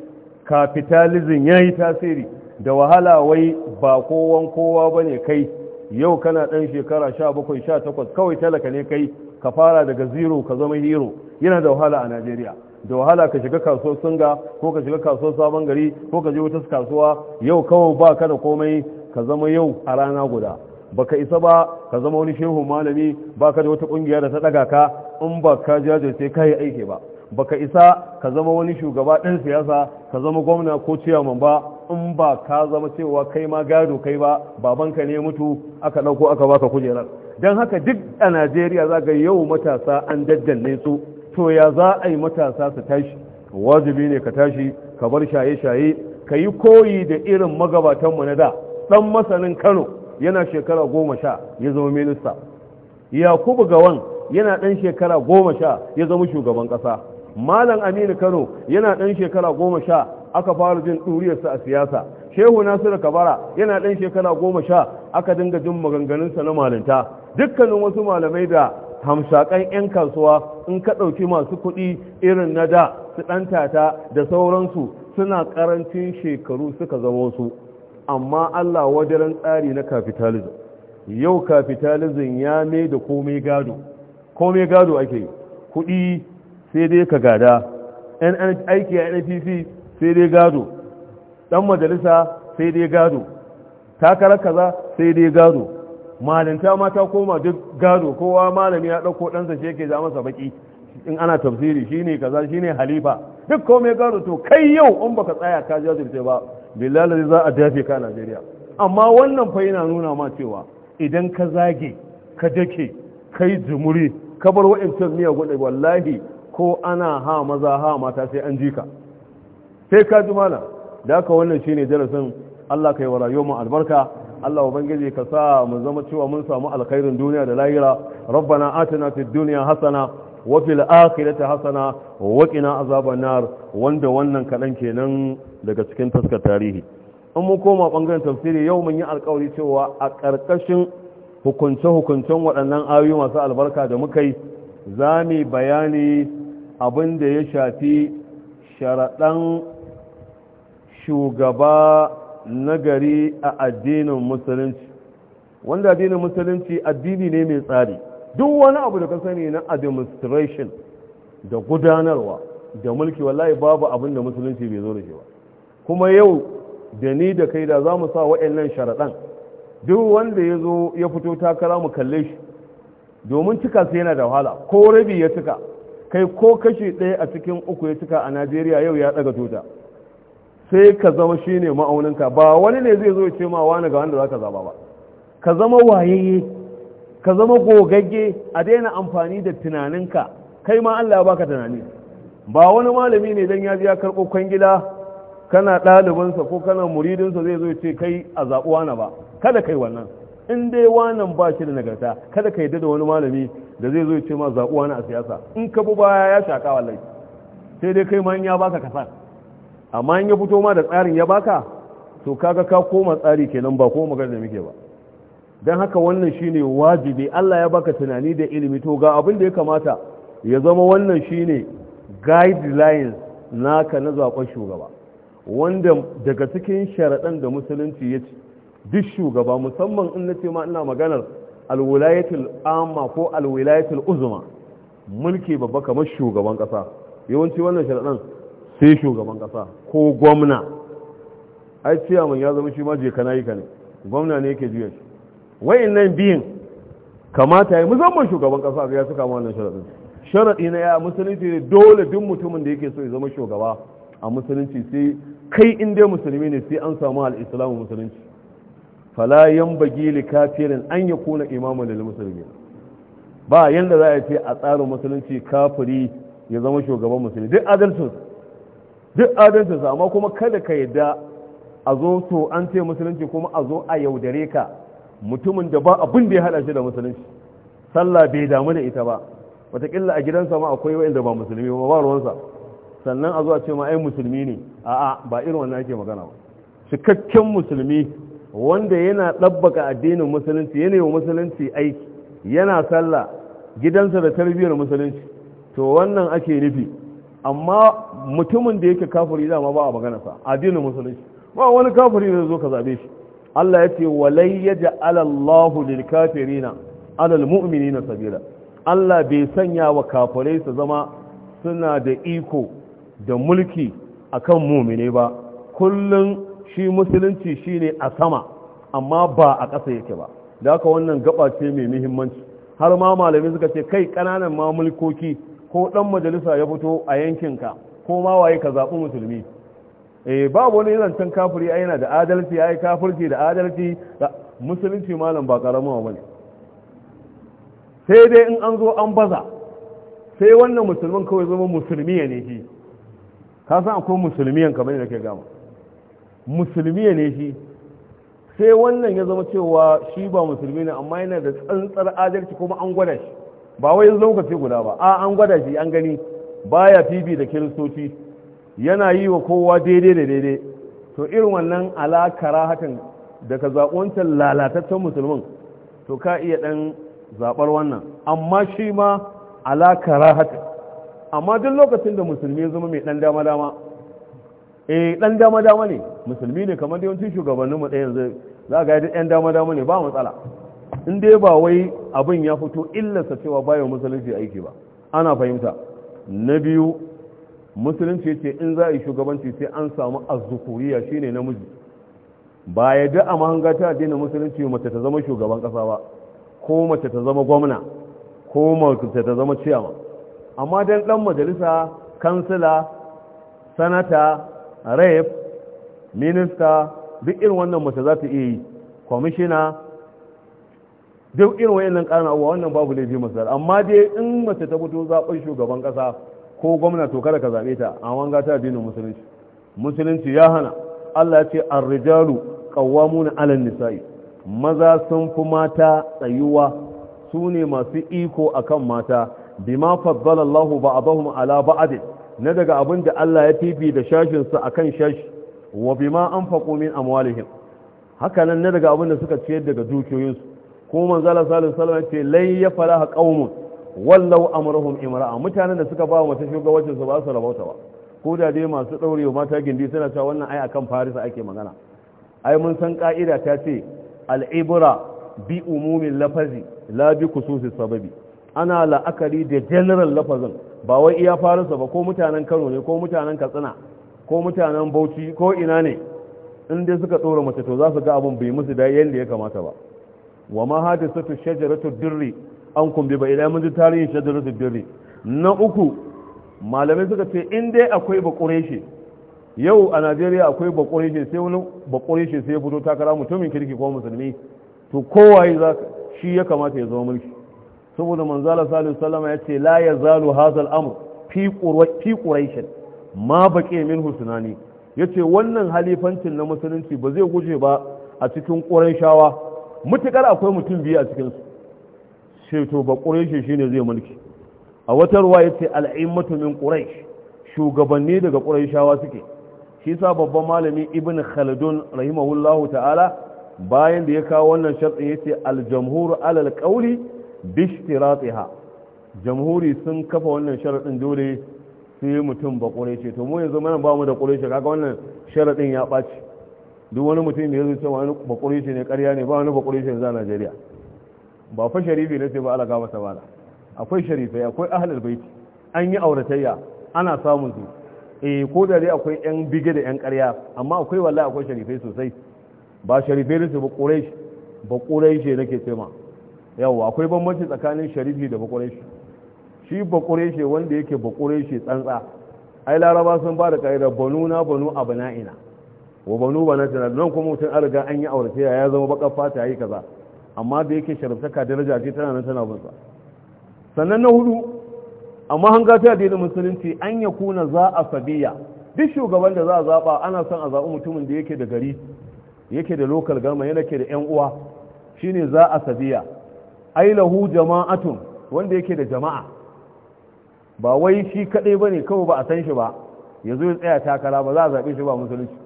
A: kapitalizm ya yi tasiri da wahala wai ba kowan kowa ba ne kai yau kana ɗan shekara sha bakwai sha takwas kawai talaka ne kai ka fara daga zero ka zama hero yana da wahala a najeriya da wahala ka shiga kasuwar tsinga ko ka shiga kasuwar sabon gari ko ka je wata kasuwa yau kawai ba ka da komai ka zama yau a rana guda baka isa ba ka zama wani shehu malami ba ka da wata kungiya da ta daga ka in ba ka jajirce ka yi aiki ba baka isa ka zama wani shugaba ɗan siyasa ka zama gwamna ko ciyaman ba in ba ka zama cewa kai ma gado kai ba babanka ne mutu aka ɗauko aka baka kujerar don haka duk a najeriya za ga yau matasa an daddanne su to ya za a yi matasa su tashi wajibi ne ka tashi ka bar shaye-shaye ka yi koyi da irin magabatanmu na da ɗan masanin kano yana shekara goma sha ya zama minista yakubu gawan yana ɗan shekara goma sha ya zama shugaban ƙasa malam aminu kano yana ɗan shekara goma sha aka fara jin ɗuriyarsa a siyasa shehu nasiru kabara yana ɗan shekara goma sha aka dinga jin maganganunsa na malinta dukkanin wasu malamai da hamsakan 'yan kasuwa in ka ɗauki masu kuɗi irin na da su ɗantata da sauransu suna ƙarancin shekaru suka zama su amma allah wajen tsari na capitalism yau capitalism ya mai da komai gado komai gado ake kudi sai dai ka gada aiki a npc sai dai gado Ɗan majalisa sai dai gado takarar kaza sai dai gado malinta ma ta koma duk gado kowa malami ya ɗauko ɗansa shi yake ja masa baki in ana tafsiri shine kaza shine halifa duk komai gado to kai yau in baka tsaya ka jajirce ba billahi za a dafe ka Najeriya amma wannan fa yana nuna ma cewa idan ka zage ka dake kai jumuri ka bar wa'ancan miya gudu wallahi ko ana ha maza ha mata sai an ji ka. sai ka ji malam da haka wannan shi ne darasin Allah ka yi wa rayuwar albarka Allah ubangiji ka sa mu zama cewa mun samu alkhairin duniya da lahira rabbana atina fid dunya hasana wa fil akhirati hasana wa qina azaban nar wanda wannan kadan kenan daga cikin taskar tarihi in mu koma bangaren tafsiri yau mun yi alkawari cewa a karkashin hukunce hukuncen waɗannan ayoyi masu albarka da muka yi za mu bayani abin da ya shafi sharaɗan shugaba na gari a addinin musulunci wanda addinin musulunci addini ne mai tsari duk wani abu da ka sani na administration da gudanarwa da mulki wallahi babu abin da musulunci bai zo da shi ba kuma yau da ni da kai da za mu sa waɗannan sharaɗan duk wanda ya zo ya fito takara mu kalle shi domin cika sai yana da wahala ko rabi ya cika kai ko kashi ɗaya a cikin uku ya cika a najeriya yau ya ɗaga tuta sai ka zama shine ma'auninka ba wani ne zai zo ya ce ma wani ga wanda za ka zaba ba ka zama wayayye ka zama gogagge a daina amfani da tunaninka kai ma Allah ya baka tunani ba wani malami ne dan ya ji ya karɓo kwangila kana ɗalibinsa ko kana muridinsa zai zo ce kai a zaɓi wani ba kada kai wannan in dai wannan ba shi da nagarta kada ka yadda da wani malami da zai zo ce ma zaɓi wani a siyasa in ka bi baya ya shaƙa wallahi sai dai kai ma in ya baka kasa amma in ya fito ma da tsarin ya baka to kaga ka koma tsari kenan ba ko magana da muke ba dan haka wannan shine wajibi Allah ya baka tunani da ilimi to ga abin da ya kamata ya zama wannan shine guidelines naka na zaben shugaba wanda daga cikin sharadan da musulunci ya ce duk shugaba musamman in na ce ma ina maganar alwilayatul amma ko alwilayatul uzma mulki babba kamar shugaban ƙasa yawanci wannan sharaɗan sai shugaban kasa ko gwamna ai mun ya zama shi ma je kana yi ka ne gwamna ne yake juya shi nan biyin kamata ya musamman shugaban kasa ga ya suka wannan sharadin sharadi na ya musulunci ne dole duk mutumin da yake so ya zama shugaba a musulunci sai kai in dai musulmi ne sai an samu al-islamu musulunci fala yanbaghi li kafirin an yakuna imaman lil muslimin ba yanda za a ce a tsarin musulunci kafiri ya zama shugaban musulmi duk adalcinsu duk adalcin sa amma kuma kada ka yadda a zo to an ce musulunci kuma a zo a yaudare ka mutumin da ba abin da ya hada shi da musulunci sallah bai damu da ita ba wataƙila a gidansa ma akwai wa'inda ba musulmi ba ba ruwansa sannan a zo a ce ma ai musulmi ne a'a ba irin wannan ake magana ba cikakken musulmi wanda yana ɗabbaka addinin musulunci yana yi musulunci aiki yana sallah gidansa da tarbiyyar musulunci to wannan ake nufi amma mutumin da yake kafiri dama ba a magana sa addinin musulunci ba wani kafiri da zo ka zabe shi Allah ya ce walai yaj'al Allahu lil kafirina al mu'minina sabila Allah bai sanya wa kafirai su zama suna da iko da mulki akan mu'mine ba kullun shi musulunci shine a sama amma ba a ƙasa yake ba da haka wannan gaba ce mai muhimmanci har ma malami suka ce kai ƙananan mamulkoki ko ɗan majalisa ya fito a yankinka ko ma waye ka zaɓi musulmi eh babu wani zancen kafiri ai yana da adalci ai kafirci da adalci da musulunci malam ba karamin bane sai dai in an zo an baza sai wannan musulmin kawai zama musulmi ne shi ka san akwai yanka kamar da ke gama musulmiya ne shi sai wannan ya zama cewa shi ba musulmi ne amma yana da tsantsar adalci kuma an gwada shi ba wai lokaci guda ba a an gwada shi an gani baya fifi da kiristoci yana yi wa kowa daidai da daidai to irin wannan alakara hakan daga zaɓoncan lalataccen musulmin to ka iya ɗan zaɓar wannan amma shi ma alakara hakan amma duk lokacin da musulmi ya zama mai ɗan dama-dama e ɗan dama-dama ne musulmi ne kamar da yawancin shugabanninmu ɗaya yanzu za ga yi ɗan dama-dama ne ba matsala in dai ba wai abin ya fito illarsa cewa bayan musulunci aiki ba ana fahimta na biyu musulunci ce in za a yi shugabanci sai an samu shi shine namiji ba ya da a mahanga ta na musulunci mace ta zama shugaban kasa ba ko mace ta zama gwamna ko mace ta zama ciyama amma dan dan majalisa kansila sanata rep minista duk irin wannan mace za ta iya yi kwamishina duk irin nan ƙarin abuwa wannan babu laifi masar amma dai in mace ta fito zaɓen shugaban ƙasa ko gwamna to kada ka zaɓe ta a wanga ta addinin musulunci musulunci ya hana Allah ya ce ar-rijalu qawwamuna alan nisa'i maza sun fi mata tsayuwa su ne masu iko akan mata bima faddala Allah ba'dahum 'ala ba'd na daga abin da Allah ya fifi da a akan shashi wa bima anfaqu min amwalihim haka na daga abin da suka ciyar daga dukiyoyinsu kuma zala sallallahu salama ce lai ya falaha qaumun wallau amruhum imra'a mutanen da suka ba wa mata shugabancin su ba su rabauta ba ko da dai masu ɗaurewa mata gindi suna cewa wannan ai akan farisa ake magana ai mun san ka'ida ta ce al'ibra bi umumin lafazi la bi kususi sababi ana la'akari da general lafazin ba wai iya farisa ba ko mutanen kano ne ko mutanen katsina ko mutanen bauchi ko ina ne in dai suka ɗora mace to za su ga abin bai musu da yadda ya kamata ba wa ma hadisatu shajaratu dirri an kumbi ba idan mun ji tarihin shajaratu dirri na uku malamai suka ce in dai akwai bakure shi yau a Najeriya akwai bakure shi sai wani bakure shi sai ya fito takara mutumin kirki ko musulmi to kowaye za shi ya kamata ya zama mulki saboda manzala sallallahu alaihi ya ce la yazalu hazal amr fi fi quraish ma baqi min husnani yace wannan halifancin na musulunci ba zai guje ba a cikin qurayshawa mutukar akwai mutum biyu a cikinsu sheto ba ƙureshi shi ne zai mulki a wata ruwa ya ce al'immatu min ƙuresh shugabanni daga ƙureshawa suke shi sa babban malami ibn khaldun rahimahullahu ta'ala bayan da ya kawo wannan sharɗin ya ce aljamhur alal ƙauli bishtiratiha jamhuri sun kafa wannan sharaɗin dole sai mutum ba ƙureshi to mu yanzu mana ba mu da ƙureshi kaga wannan sharaɗin ya ɓaci duk wani mutum da ya zuce cewa wani bakuri shi ne karya ne ba wani bakuri shi yanzu a najeriya ba fa sharifi ne sai ba alaga gaba bala akwai sharifai akwai ahlul baiti an yi auratayya ana samun su eh ko da dai akwai yan bige da yan karya amma akwai wallahi akwai sharifai sosai ba sharifai ne ba quraish ba quraish nake ke ma yawa akwai bambanci tsakanin sharifi da ba quraish shi ba quraish wanda yake ba quraish tsantsa ai laraba sun ba da kaida banuna banu abna'ina wa banu ba na tunan kuma mutum an riga an yi aurace ya zama baka fata ya yi kaza amma da yake sharantaka daraja ce tana nan tana sa sannan na hudu amma ga ta addinin musulunci an ya kuna za a sabiya duk shugaban da za a zaɓa ana son a zaɓi mutumin da yake da gari yake da local gama yana ke da yan uwa shine za a sabiya ai lahu jama'atun wanda yake da jama'a ba wai shi kadai bane kawai ba a san shi ba ya ya tsaya takara ba za a zaɓe shi ba musulunci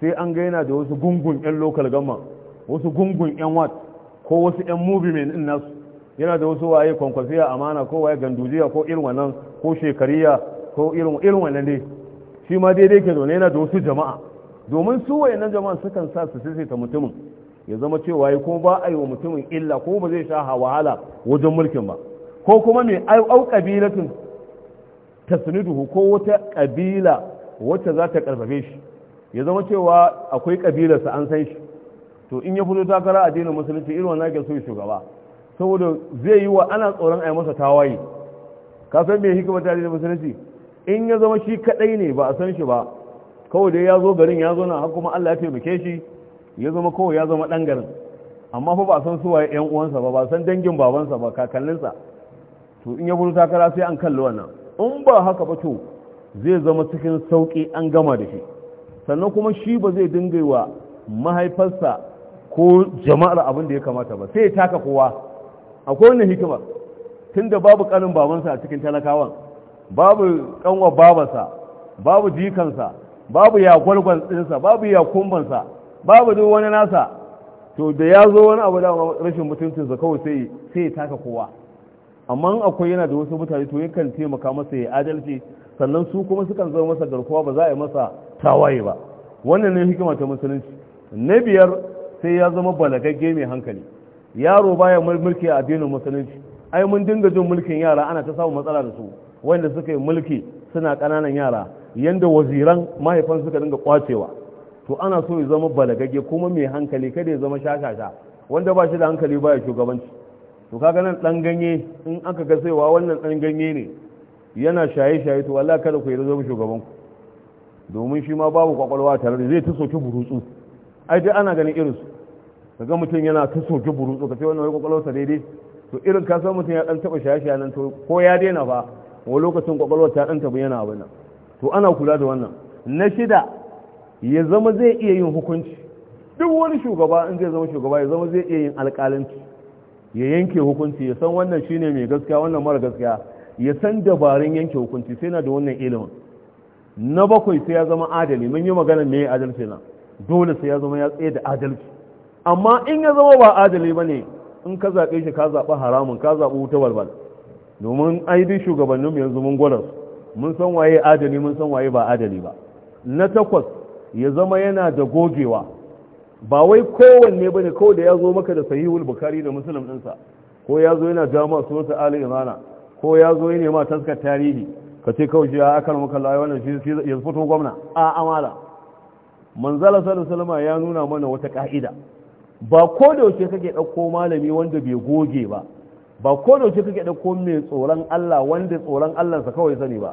A: sai an ga yana da wasu gungun 'yan local gama wasu gungun 'yan wat ko wasu 'yan movement din nasu yana da wasu waye kwankwasiya amana ko waye gandujiya ko irin wannan ko shekariya ko irin irin wannan dai shi ma daidai ke zaune yana da wasu jama'a domin su wayannan jama'a sukan sa su sai ta mutumin ya zama cewa ko ko ba a yi wa mutumin illa ko ba zai sha wahala wajen mulkin ba ko kuma mai au kabilatin tasniduhu ko wata kabila wacce za ta karfafe shi ya zama cewa akwai kabilarsa an san shi to in ya fito takara addinin musulunci irin wannan ke so ya shugaba saboda zai yi wa ana tsoron ai masa tawaye ka san me hikimar tare da musulunci in ya zama shi kadai ne ba a san shi ba kawai dai ya zo garin ya zo na har kuma Allah ya taimake shi ya zama kawai ya zama dan garin amma fa ba san su waye yan uwansa ba ba san dangin babansa ba kakanninsa to in ya fito takara sai an kalli wannan in ba haka ba to zai zama cikin sauki an gama da shi sannan kuma shi ba zai dinga wa mahaifarsa ko jama'ar abin da ya kamata ba sai ya taka kowa akwai wannan hikimar tunda babu kanin babansa a cikin talakawan babu kanwa babansa babu jikansa babu yakwalgwan ɗinsa babu yakumbansa babu duk wani nasa to da ya zo wani abu da rashin mutuncinsa kawai sai sai ya taka kowa amma akwai yana da wasu mutane to yakan taimaka masa ya adalci sannan su kuma sukan zama masa garkuwa ba za a yi masa tawaye ba wannan ne hikima ta musulunci na biyar sai ya zama balagagge mai hankali yaro baya mulki a addinin musulunci ai mun dinga jin mulkin yara ana ta samu matsala da su wanda suka yi mulki suna kananan yara yanda waziran mahaifan suka dinga kwacewa to ana so ya zama balagagge kuma mai hankali kada ya zama shashasha wanda ba shi da hankali baya shugabanci to kaga nan dan ganye in aka ga saiwa wannan dan ganye ne yana shaye-shaye to wallahi kada ku yi zama shugabanku domin shi ma babu kwakwalwa tare da zai ta soki burutsu ai dai ana ganin irinsu kaga mutum yana ta soki burutsu ka ce wannan wai kwakwalwarsa daidai to irin ka san mutum ya dan taba shaye-shaye nan to ko ya daina ba wa lokacin kwakwalwar ta dan taba yana abin nan to ana kula da wannan na shida ya zama zai iya yin hukunci duk wani shugaba in zai zama shugaba ya zama zai iya yin alƙalanci ya yanke hukunci ya san wannan shine mai gaskiya wannan mara gaskiya ya san dabarun yanke hukunci sai na da wannan ilimin na bakwai sai ya zama adali mun yi magana me adalci na dole sai ya zama ya tsaye da adalci amma in ya zama ba adali bane in ka zaɓe shi ka zaɓi haramun ka zaɓi wuta walwal domin aidi shugabannin yanzu mun gwada mun san waye adali mun san waye ba adali ba na takwas ya zama yana da gogewa ba wai kowanne ba ne kawai da ya zo maka da sahihul bukari da musulun ɗinsa ko ya zo yana jama'a sunan ali imana ko ya zo ne ma taskar tarihi ka ce kawai ya aka maka lai wannan shi ya fito gwamna a amala manzala sallallahu alaihi ya nuna mana wata ka'ida ba ko da yake kake dauko malami wanda bai goge ba ba ko da yake kake dauko mai tsoron Allah wanda tsoron Allah sa kawai sani ba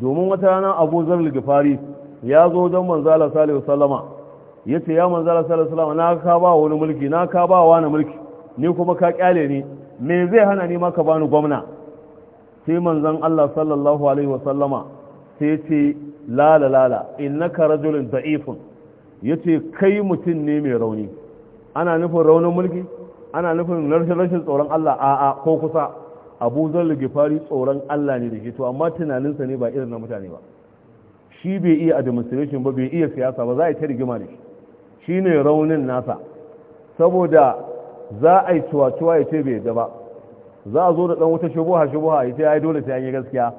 A: domin wata rana Abu Zar al-Ghifari ya zo don manzala sallallahu alaihi yace ya manzala sallallahu alaihi na ka ba wani mulki na ka ba wani mulki ni kuma ka kyale ni me zai hana ni ma ka bani gwamna sai manzon Allah sallallahu alaihi wasallama sai ce lala lala ka rajulun da'ifun ce kai mutum ne mai rauni ana nufin raunin mulki ana nufin rashin rashin tsoron Allah a'a ko kusa Abu Zar Gifari tsoron Allah ne da shi to amma tunaninsa ne ba irin na mutane ba shi bai iya administration ba bai iya siyasa ba za a yi ta rigima da shi ne raunin nasa saboda za a yi tuwa-tuwa ya ce bai yadda ba za a zo da dan wata shubuha shubuha ita yi dole sai an yi gaskiya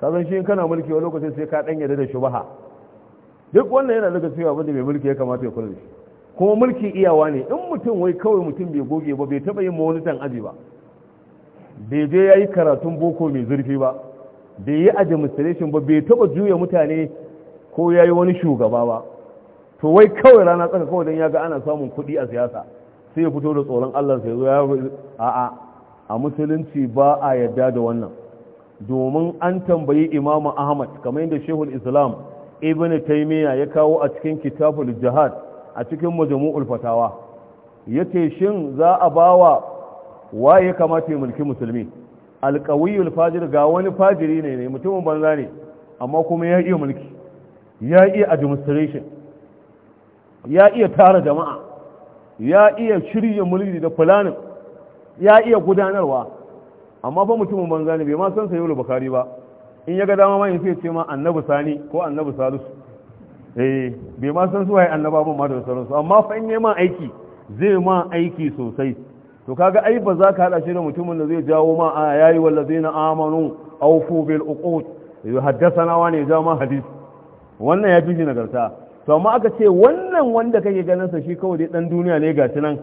A: ka san shi kana mulki wani lokacin sai ka dan yarda da shubuha duk wannan yana daga cewa abin da mai mulki ya kamata ya kula da shi kuma mulki iyawa ne in mutum wai kawai mutum bai goge ba bai taba yin mawanitan aji ba bai je yi karatun boko mai zurfi ba bai yi administration ba bai taba juya mutane ko ya yi wani shugaba ba to wai kawai rana tsaka kawai dan ya ga ana samun kuɗi a siyasa sai ya fito da tsoron Allah sai zo ya a'a a musulunci ba a yarda da wannan domin an tambayi imamu ahmad kamar yadda shehul islam ibn taimiyya ya kawo a cikin kitabul jihad a cikin majamu'ul fatawa yace shin za a bawa waye kamata ya mulki musulmi alqawiyul fajir ga wani fajiri ne ne mutumin banza ne amma kuma ya iya mulki ya iya administration ya iya tara jama'a ya iya shirya mulki da planning ya iya gudanarwa amma fa mutumin banza ne bai ma san sayo bukari ba in ya ga dama ma sai ce ma annabi sani ko annabi salisu eh bai ma san suwaye annababun ma da sauransu amma fa in yi ma aiki zai ma aiki sosai to kaga ai ba za ka hada shi da mutumin da zai jawo ma ah, a yayi wallazina amanu awfu bil uqud haddathana wani ya jawo ma hadisi wannan ya fi shi nagarta to amma aka ce wannan wanda kake ganin sa shi kawai dai dan duniya ne ga nan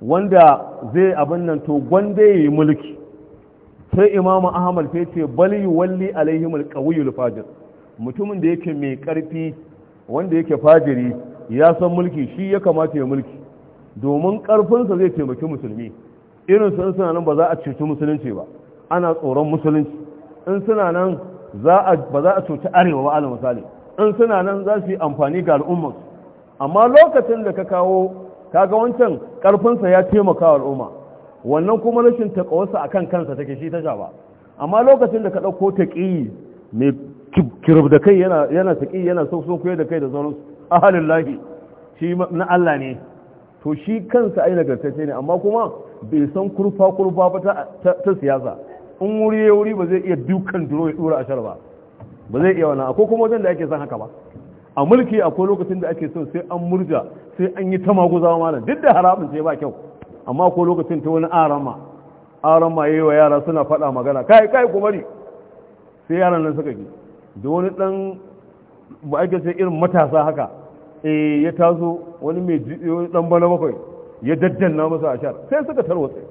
A: wanda zai abin nan to gwanda ya yi mulki sai imamu ahmad sai ce bal yuwalli alaihim alqawiyul fajir mutumin da yake mai karfi wanda yake fajiri ya san mulki shi ya kamata ya mulki domin karfinsa zai taimaki musulmi irin sun suna nan ba za a cuci musulunci ba ana tsoron musulunci in suna nan ba za a cuci arewa ba ala misali in suna nan za su yi amfani ga al'ummar amma lokacin da ka kawo kaga wancan ƙarfinsa ya taimaka al'umma wannan kuma rashin taƙawarsa kan kansa take shi ta shaba. amma lokacin da ka ɗauko ƙi mai kirub da kai yana ta ƙi yana sauso da kai da zaunin ahalin lahi shi na Allah ne to shi kansa ai nagartacce ne amma kuma bai san kurfa kurfa ba ta siyasa in wuri ya wuri ba zai iya dukan duro ya dura shar ba ba zai iya wannan ko kuma wajen da ake san haka ba a mulki akwai lokacin da ake so sai an murja sai an yi ta maguzawa malam duk da haramun sai ba kyau amma akwai lokacin ta wani arama arama yi wa yara suna faɗa magana kai kai kumari sai yaran nan suka ji da wani dan ba ake sai irin matasa haka eh ya taso wani mai dan bana bakwai ya daddanna masa shar sai suka tarwatsa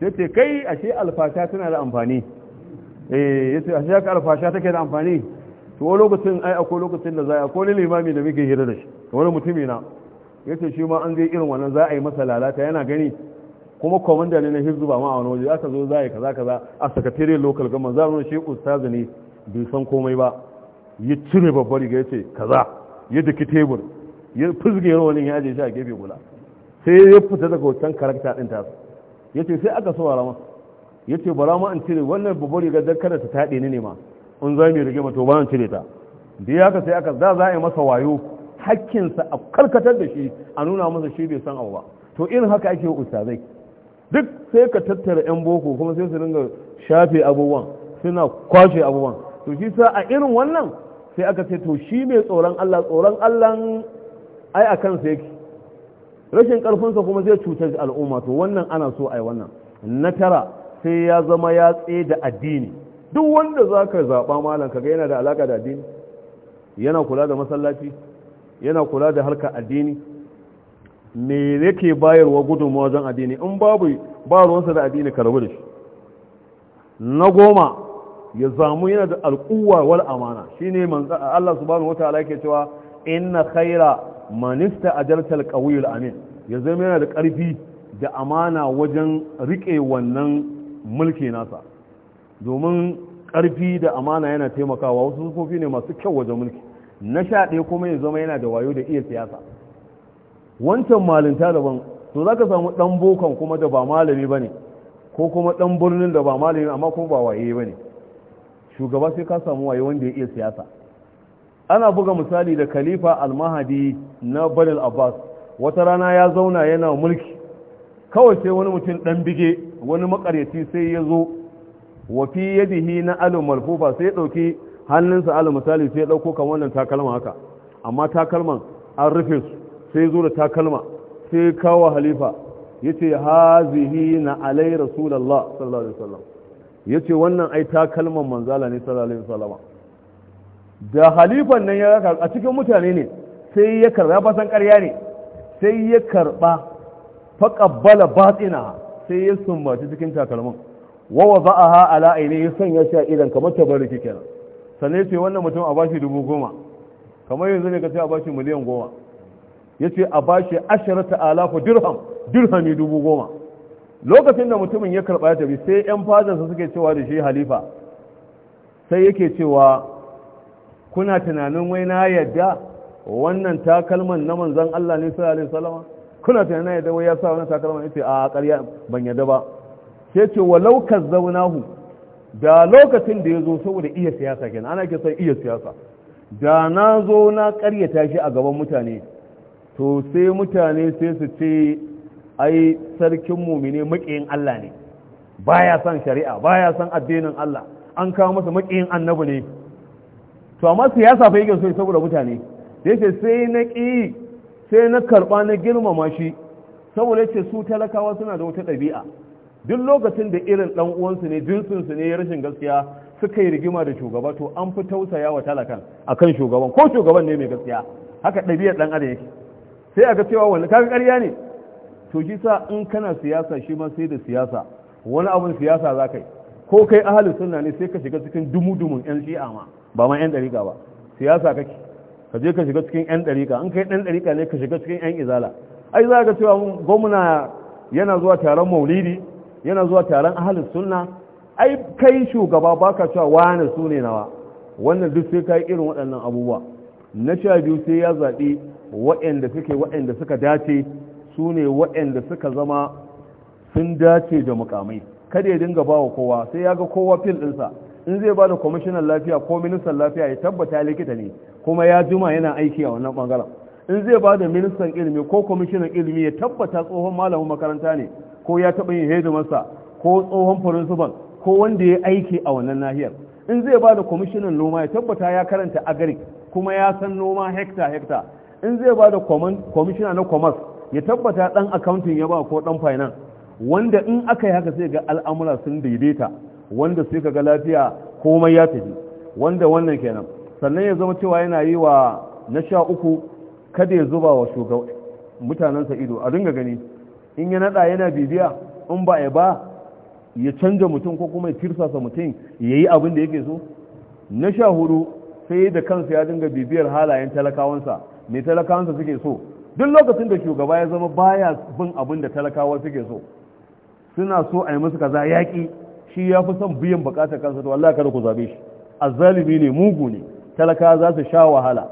A: sai ce kai ashe alfasha tana da amfani eh yace ashe alfasha take da amfani to wani lokacin ai akwai lokacin da za a wani limami da muke hira da shi wani mutumi na ya ce shi ma an zai irin wannan za a yi masa lalata yana gani kuma komanda ne na hizbu ba ma a wani waje aka zo za a yi kaza kaza a sakatare local government za a nuna shi ustazi ne bai san komai ba ya cire babbar riga ya ce kaza ya duki tebur ya fizge wani ya je shi a gefe gula sai ya fita daga wancan karakta din ta ya ce sai aka a rama ya ce bara ma an cire wannan babbar riga don kada ta taɗe ni ne ma in za mu yi rigima to ba na cire ta da ya sai aka za za a yi masa wayo hakkinsa a karkatar da shi a nuna masa shi bai san abu ba to irin haka ake wa ustazai duk sai ka tattara yan boko kuma sai su dinga shafe abubuwan suna kwashe abubuwan to shi sa a irin wannan sai aka ce to shi mai tsoron Allah tsoron Allah ai a kansa yake rashin karfinsa kuma zai cutar al'umma to wannan ana so ai wannan na tara sai ya zama ya tsaye da addini duk wanda za ka zaɓa malam kaga yana da alaƙa da addini yana kula da masallaci yana kula da harkar addini me yake bayarwa gudunmawa zan addini in babu ba ruwansa da addini ka rabu da shi na goma ya zamu yana da alƙuwa wal amana shi ne Allah su subhanahu wata alaƙa cewa inna khaira manista ajartal qawiyul amin ya zama yana da ƙarfi da amana wajen riƙe wannan mulki nasa domin ƙarfi da amana yana taimakawa wasu sufofi ne masu kyau wajen mulki na sha ɗaya kuma ya zama yana da wayo da iya siyasa wancan malinta daban to za ka samu ɗan bokan kuma da ba malami ba ne ko kuma ɗan birnin da ba malami amma kuma ba waye ba ne shugaba sai ka samu waye wanda ya iya siyasa ana buga misali da khalifa almahadi na banil abbas wata rana ya zauna yana mulki kawai sai wani mutum ɗan bige wani makaryaci sai ya zo wa fi yadihi na alu malfufa sai ya dauki hannunsa alu misali sai ya dauko kan wannan takalma haka amma takalman an rufe su sai zo da takalma sai kawo halifa yace hazihi na alai rasulullah sallallahu alaihi wasallam yace wannan ai takalman manzala ne sallallahu alaihi wasallam da halifan nan ya raka a cikin mutane ne sai ya karba ba san ƙarya ne sai ya karba faqabbala batina sai ya sumbaci cikin takalman wa wada'aha ala ainihi sanya shi a idan kamar tabarruki kenan sannan yace wannan mutum a bashi dubu goma kamar yanzu ne ka ce a bashi miliyan goma yace a bashi asharata alafu dirham dirhami dubu goma lokacin da mutumin ya karɓa ya tafi sai 'yan fadarsa suke cewa da shi halifa sai yake cewa kuna tunanin wai na yadda wannan takalman na manzan Allah ne sallallahu alaihi wasallam kuna tunanin na yadda wai ya sa wannan takalman yace a ƙarya ban yadda ba sai ce walau hu da lokacin da ya zo saboda iya siyasa kenan ana ke son iya siyasa da na zo na karyata shi a gaban mutane to sai mutane sai su ce ai sarkin mumine maƙiyin Allah ne baya son shari'a baya son addinin Allah an kawo masa maƙiyin annabi ne to amma siyasa fa yake so saboda mutane da yake sai na ƙi sai na karɓa na girmama shi saboda yace su talakawa suna da wata ɗabi'a duk lokacin da irin dan uwansu ne jinsinsu ne rashin gaskiya suka yi rigima da shugaba to an fi tausaya wa talakan akan shugaban ko shugaban ne mai gaskiya haka ɗabi'ar dan adam yake sai aka cewa wani kaga ƙarya ne to shi sa in kana siyasa shi ma sai da siyasa wani abun siyasa za ka yi ko kai ahalin sunna ne sai ka shiga cikin dumu-dumun yan shi'a ma ba ma yan ɗariƙa ba siyasa kake ka je ka shiga cikin yan ɗariƙa in kai ɗan ɗariƙa ne ka shiga cikin yan izala ai za ka cewa gwamna yana zuwa taron maulidi yana zuwa taron ahalin sunna ai kai shugaba baka cewa wani su ne nawa wannan duk sai ka irin waɗannan abubuwa na sha biyu sai ya zaɓi waɗanda suke waɗanda suka dace su ne waɗanda suka zama sun dace da mukamai kada ya dinga ba wa kowa sai ya ga kowa fil ɗinsa in zai ba da kwamishinan lafiya ko ministan lafiya ya tabbata likita ne kuma ya jima yana aiki a wannan bangaren in zai ba da ministan ilimi ko kwamishinan ilimi ya tabbata tsohon malamin makaranta ne ko ya taɓa yin hedin masa ko tsohon principal ko wanda ya aiki a wannan nahiyar in zai ba da kwamishinan noma ya tabbata ya karanta agric kuma ya san noma hekta hekta in zai ba da kwamishina na commerce ya tabbata ɗan accounting ya ba ko ɗan finance wanda in aka yi haka sai ga al'amura sun daidaita wanda sai ga lafiya komai ya tafi wanda wannan kenan sannan ya zama cewa yana yi wa na sha uku kada ya zuba wa shugaban mutanensa ido a dinga gani in ya naɗa yana bibiya in ba ya ba ya canja mutum ko kuma ya tirsasa mutum ya yi abin da yake so na sha hudu sai da kansa ya dinga bibiyar halayen talakawansa mai talakawansa suke so duk lokacin da shugaba ya zama baya bin abin da talakawa suke so suna so a yi musu kaza yaƙi shi ya fi son biyan buƙatar kansa to Allah kada ku zabe shi azzalimi ne mugu ne talakawa za su sha wahala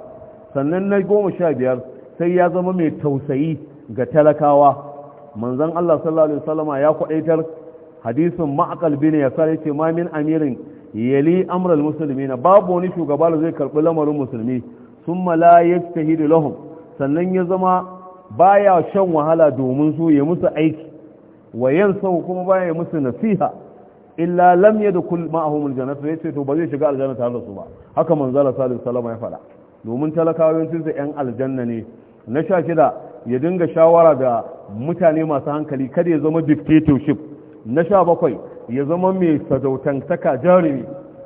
A: sannan na goma sha biyar sai ya zama mai tausayi ga talakawa manzon Allah sallallahu alaihi wasallama ya kwadaitar hadisin ma'aqal bin yasar yace ma min amirin yali amral na babu wani shugaba da zai karɓi lamarin musulmi summa la yajtahidu lahum sannan ya zama baya shan wahala domin su ya musu aiki wa sau kuma baya ya musu nasiha illa lam yadkhul ma'ahum aljannata yace to ba zai shiga aljanna tare da su ba haka manzala sallallahu alaihi wasallama ya faɗa. domin talakawa yawancin su yan aljanna ne na sha shida ya dinga shawara da mutane masu hankali kada ya zama dictatorship na sha bakwai ya zama mai sadautantaka jarumi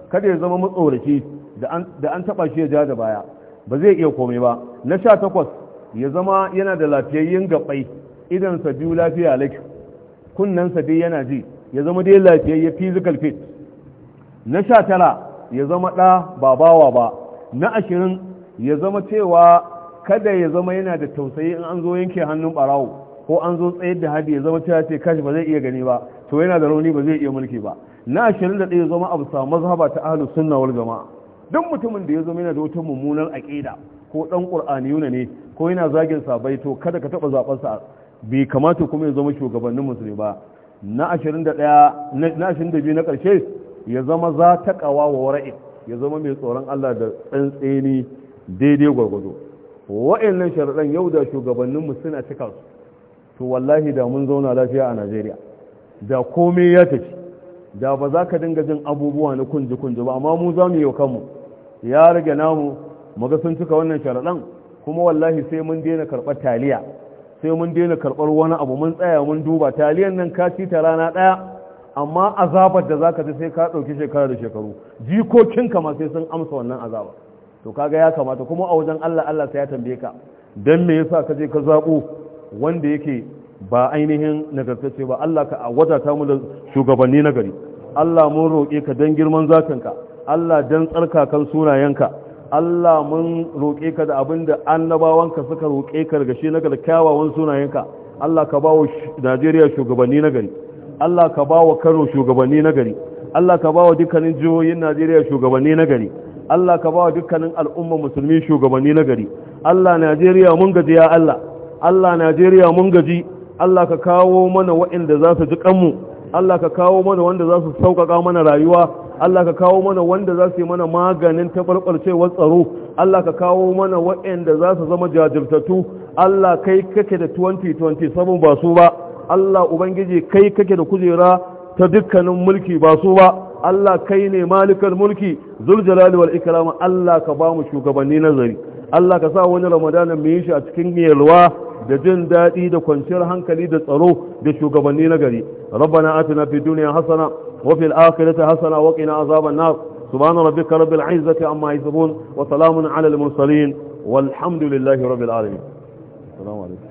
A: kada ya zama matsoraci da an taɓa shi ya ja da baya ba zai iya komai ba na sha takwas ya zama yana da lafiyayyen gaɓai sa biyu lafiya lake kunnensa dai yana ji ya zama dai lafiyayye physical fit na sha tara ya zama ɗa ba ba na ashirin ya zama cewa kada ya zama yana da tausayi in an zo yanke hannun barawo ko an zo tsayar da hadi ya zama cewa ce kashi ba zai iya gani ba to yana da rauni ba zai iya mulki ba na ashirin da ɗaya zama abu samu mazhaba ta ahlus sunna wal jama'a duk mutumin da ya zama yana da wata mummunar aqida ko dan qur'aniyuna ne ko yana zagin sabai to kada ka taba zaben sa bai kamata kuma ya zama shugabannin musulmi ba na 21 na 22 na karshe ya zama za ta kawa wa wara'i ya zama mai tsoron Allah da tsantseni daidai gwargwado wa'annan sharaɗan yau da shugabanninmu suna cika su to wallahi da mun zauna lafiya a najeriya da komai ya tafi da ba za ka dinga jin abubuwa na kunji-kunji ba amma mu za mu yi kanmu ya rage namu maga sun cika wannan sharaɗan kuma wallahi sai mun daina karɓar taliya sai mun daina karɓar wani abu mun tsaya mun duba taliyan nan ka ci ta rana ɗaya amma azabar da za ka sai ka ɗauki shekara da shekaru jikokinka ma sai sun amsa wannan azabar to kaga ya kamata kuma a wajen Allah Allah sai ya tambaye ka dan me yasa ka je ka zabo wanda yake ba ainihin nagartacce ba Allah ka ta mu da shugabanni na gari Allah mun roƙe ka dan girman zakanka Allah dan tsarkakan sunayenka Allah mun roƙe ka da abinda annabawanka suka roƙe ka daga shi na kyawawan sunayenka Allah ka bawo Najeriya shugabanni na gari Allah ka bawo Kano shugabanni na gari Allah ka bawo dukkanin jihohin Najeriya shugabanni na gari Allah ka ba wa dukkanin al'umma musulmi shugabanni na gari Allah Najeriya mun gaji ya Allah Allah Najeriya mun gaji Allah ka kawo mana waɗanda za su ji kanmu Allah ka kawo mana wanda za su sauƙaƙa mana rayuwa Allah ka kawo mana wanda za su yi mana maganin taɓarɓarcewar tsaro Allah ka kawo mana waɗanda za su zama jajirtattu Allah kai kake da 2027 ba su ba Allah Ubangiji kai kake da kujera ta dukkanin mulki ba su ba Allah kai ne malikar mulki zul jalali wal ikram Allah ka ba mu shugabanni nazari Allah ka sa wani ramadana mu yi shi a cikin yalwa da jin daɗi da kwanciyar hankali da tsaro da shugabanni na gari rabbana atina fid dunya hasana wa fil akhirati hasana wa qina azaban nar subhana rabbika rabbil izzati amma yasifun wa salamun ala mursalin والحمد لله رب العالمين السلام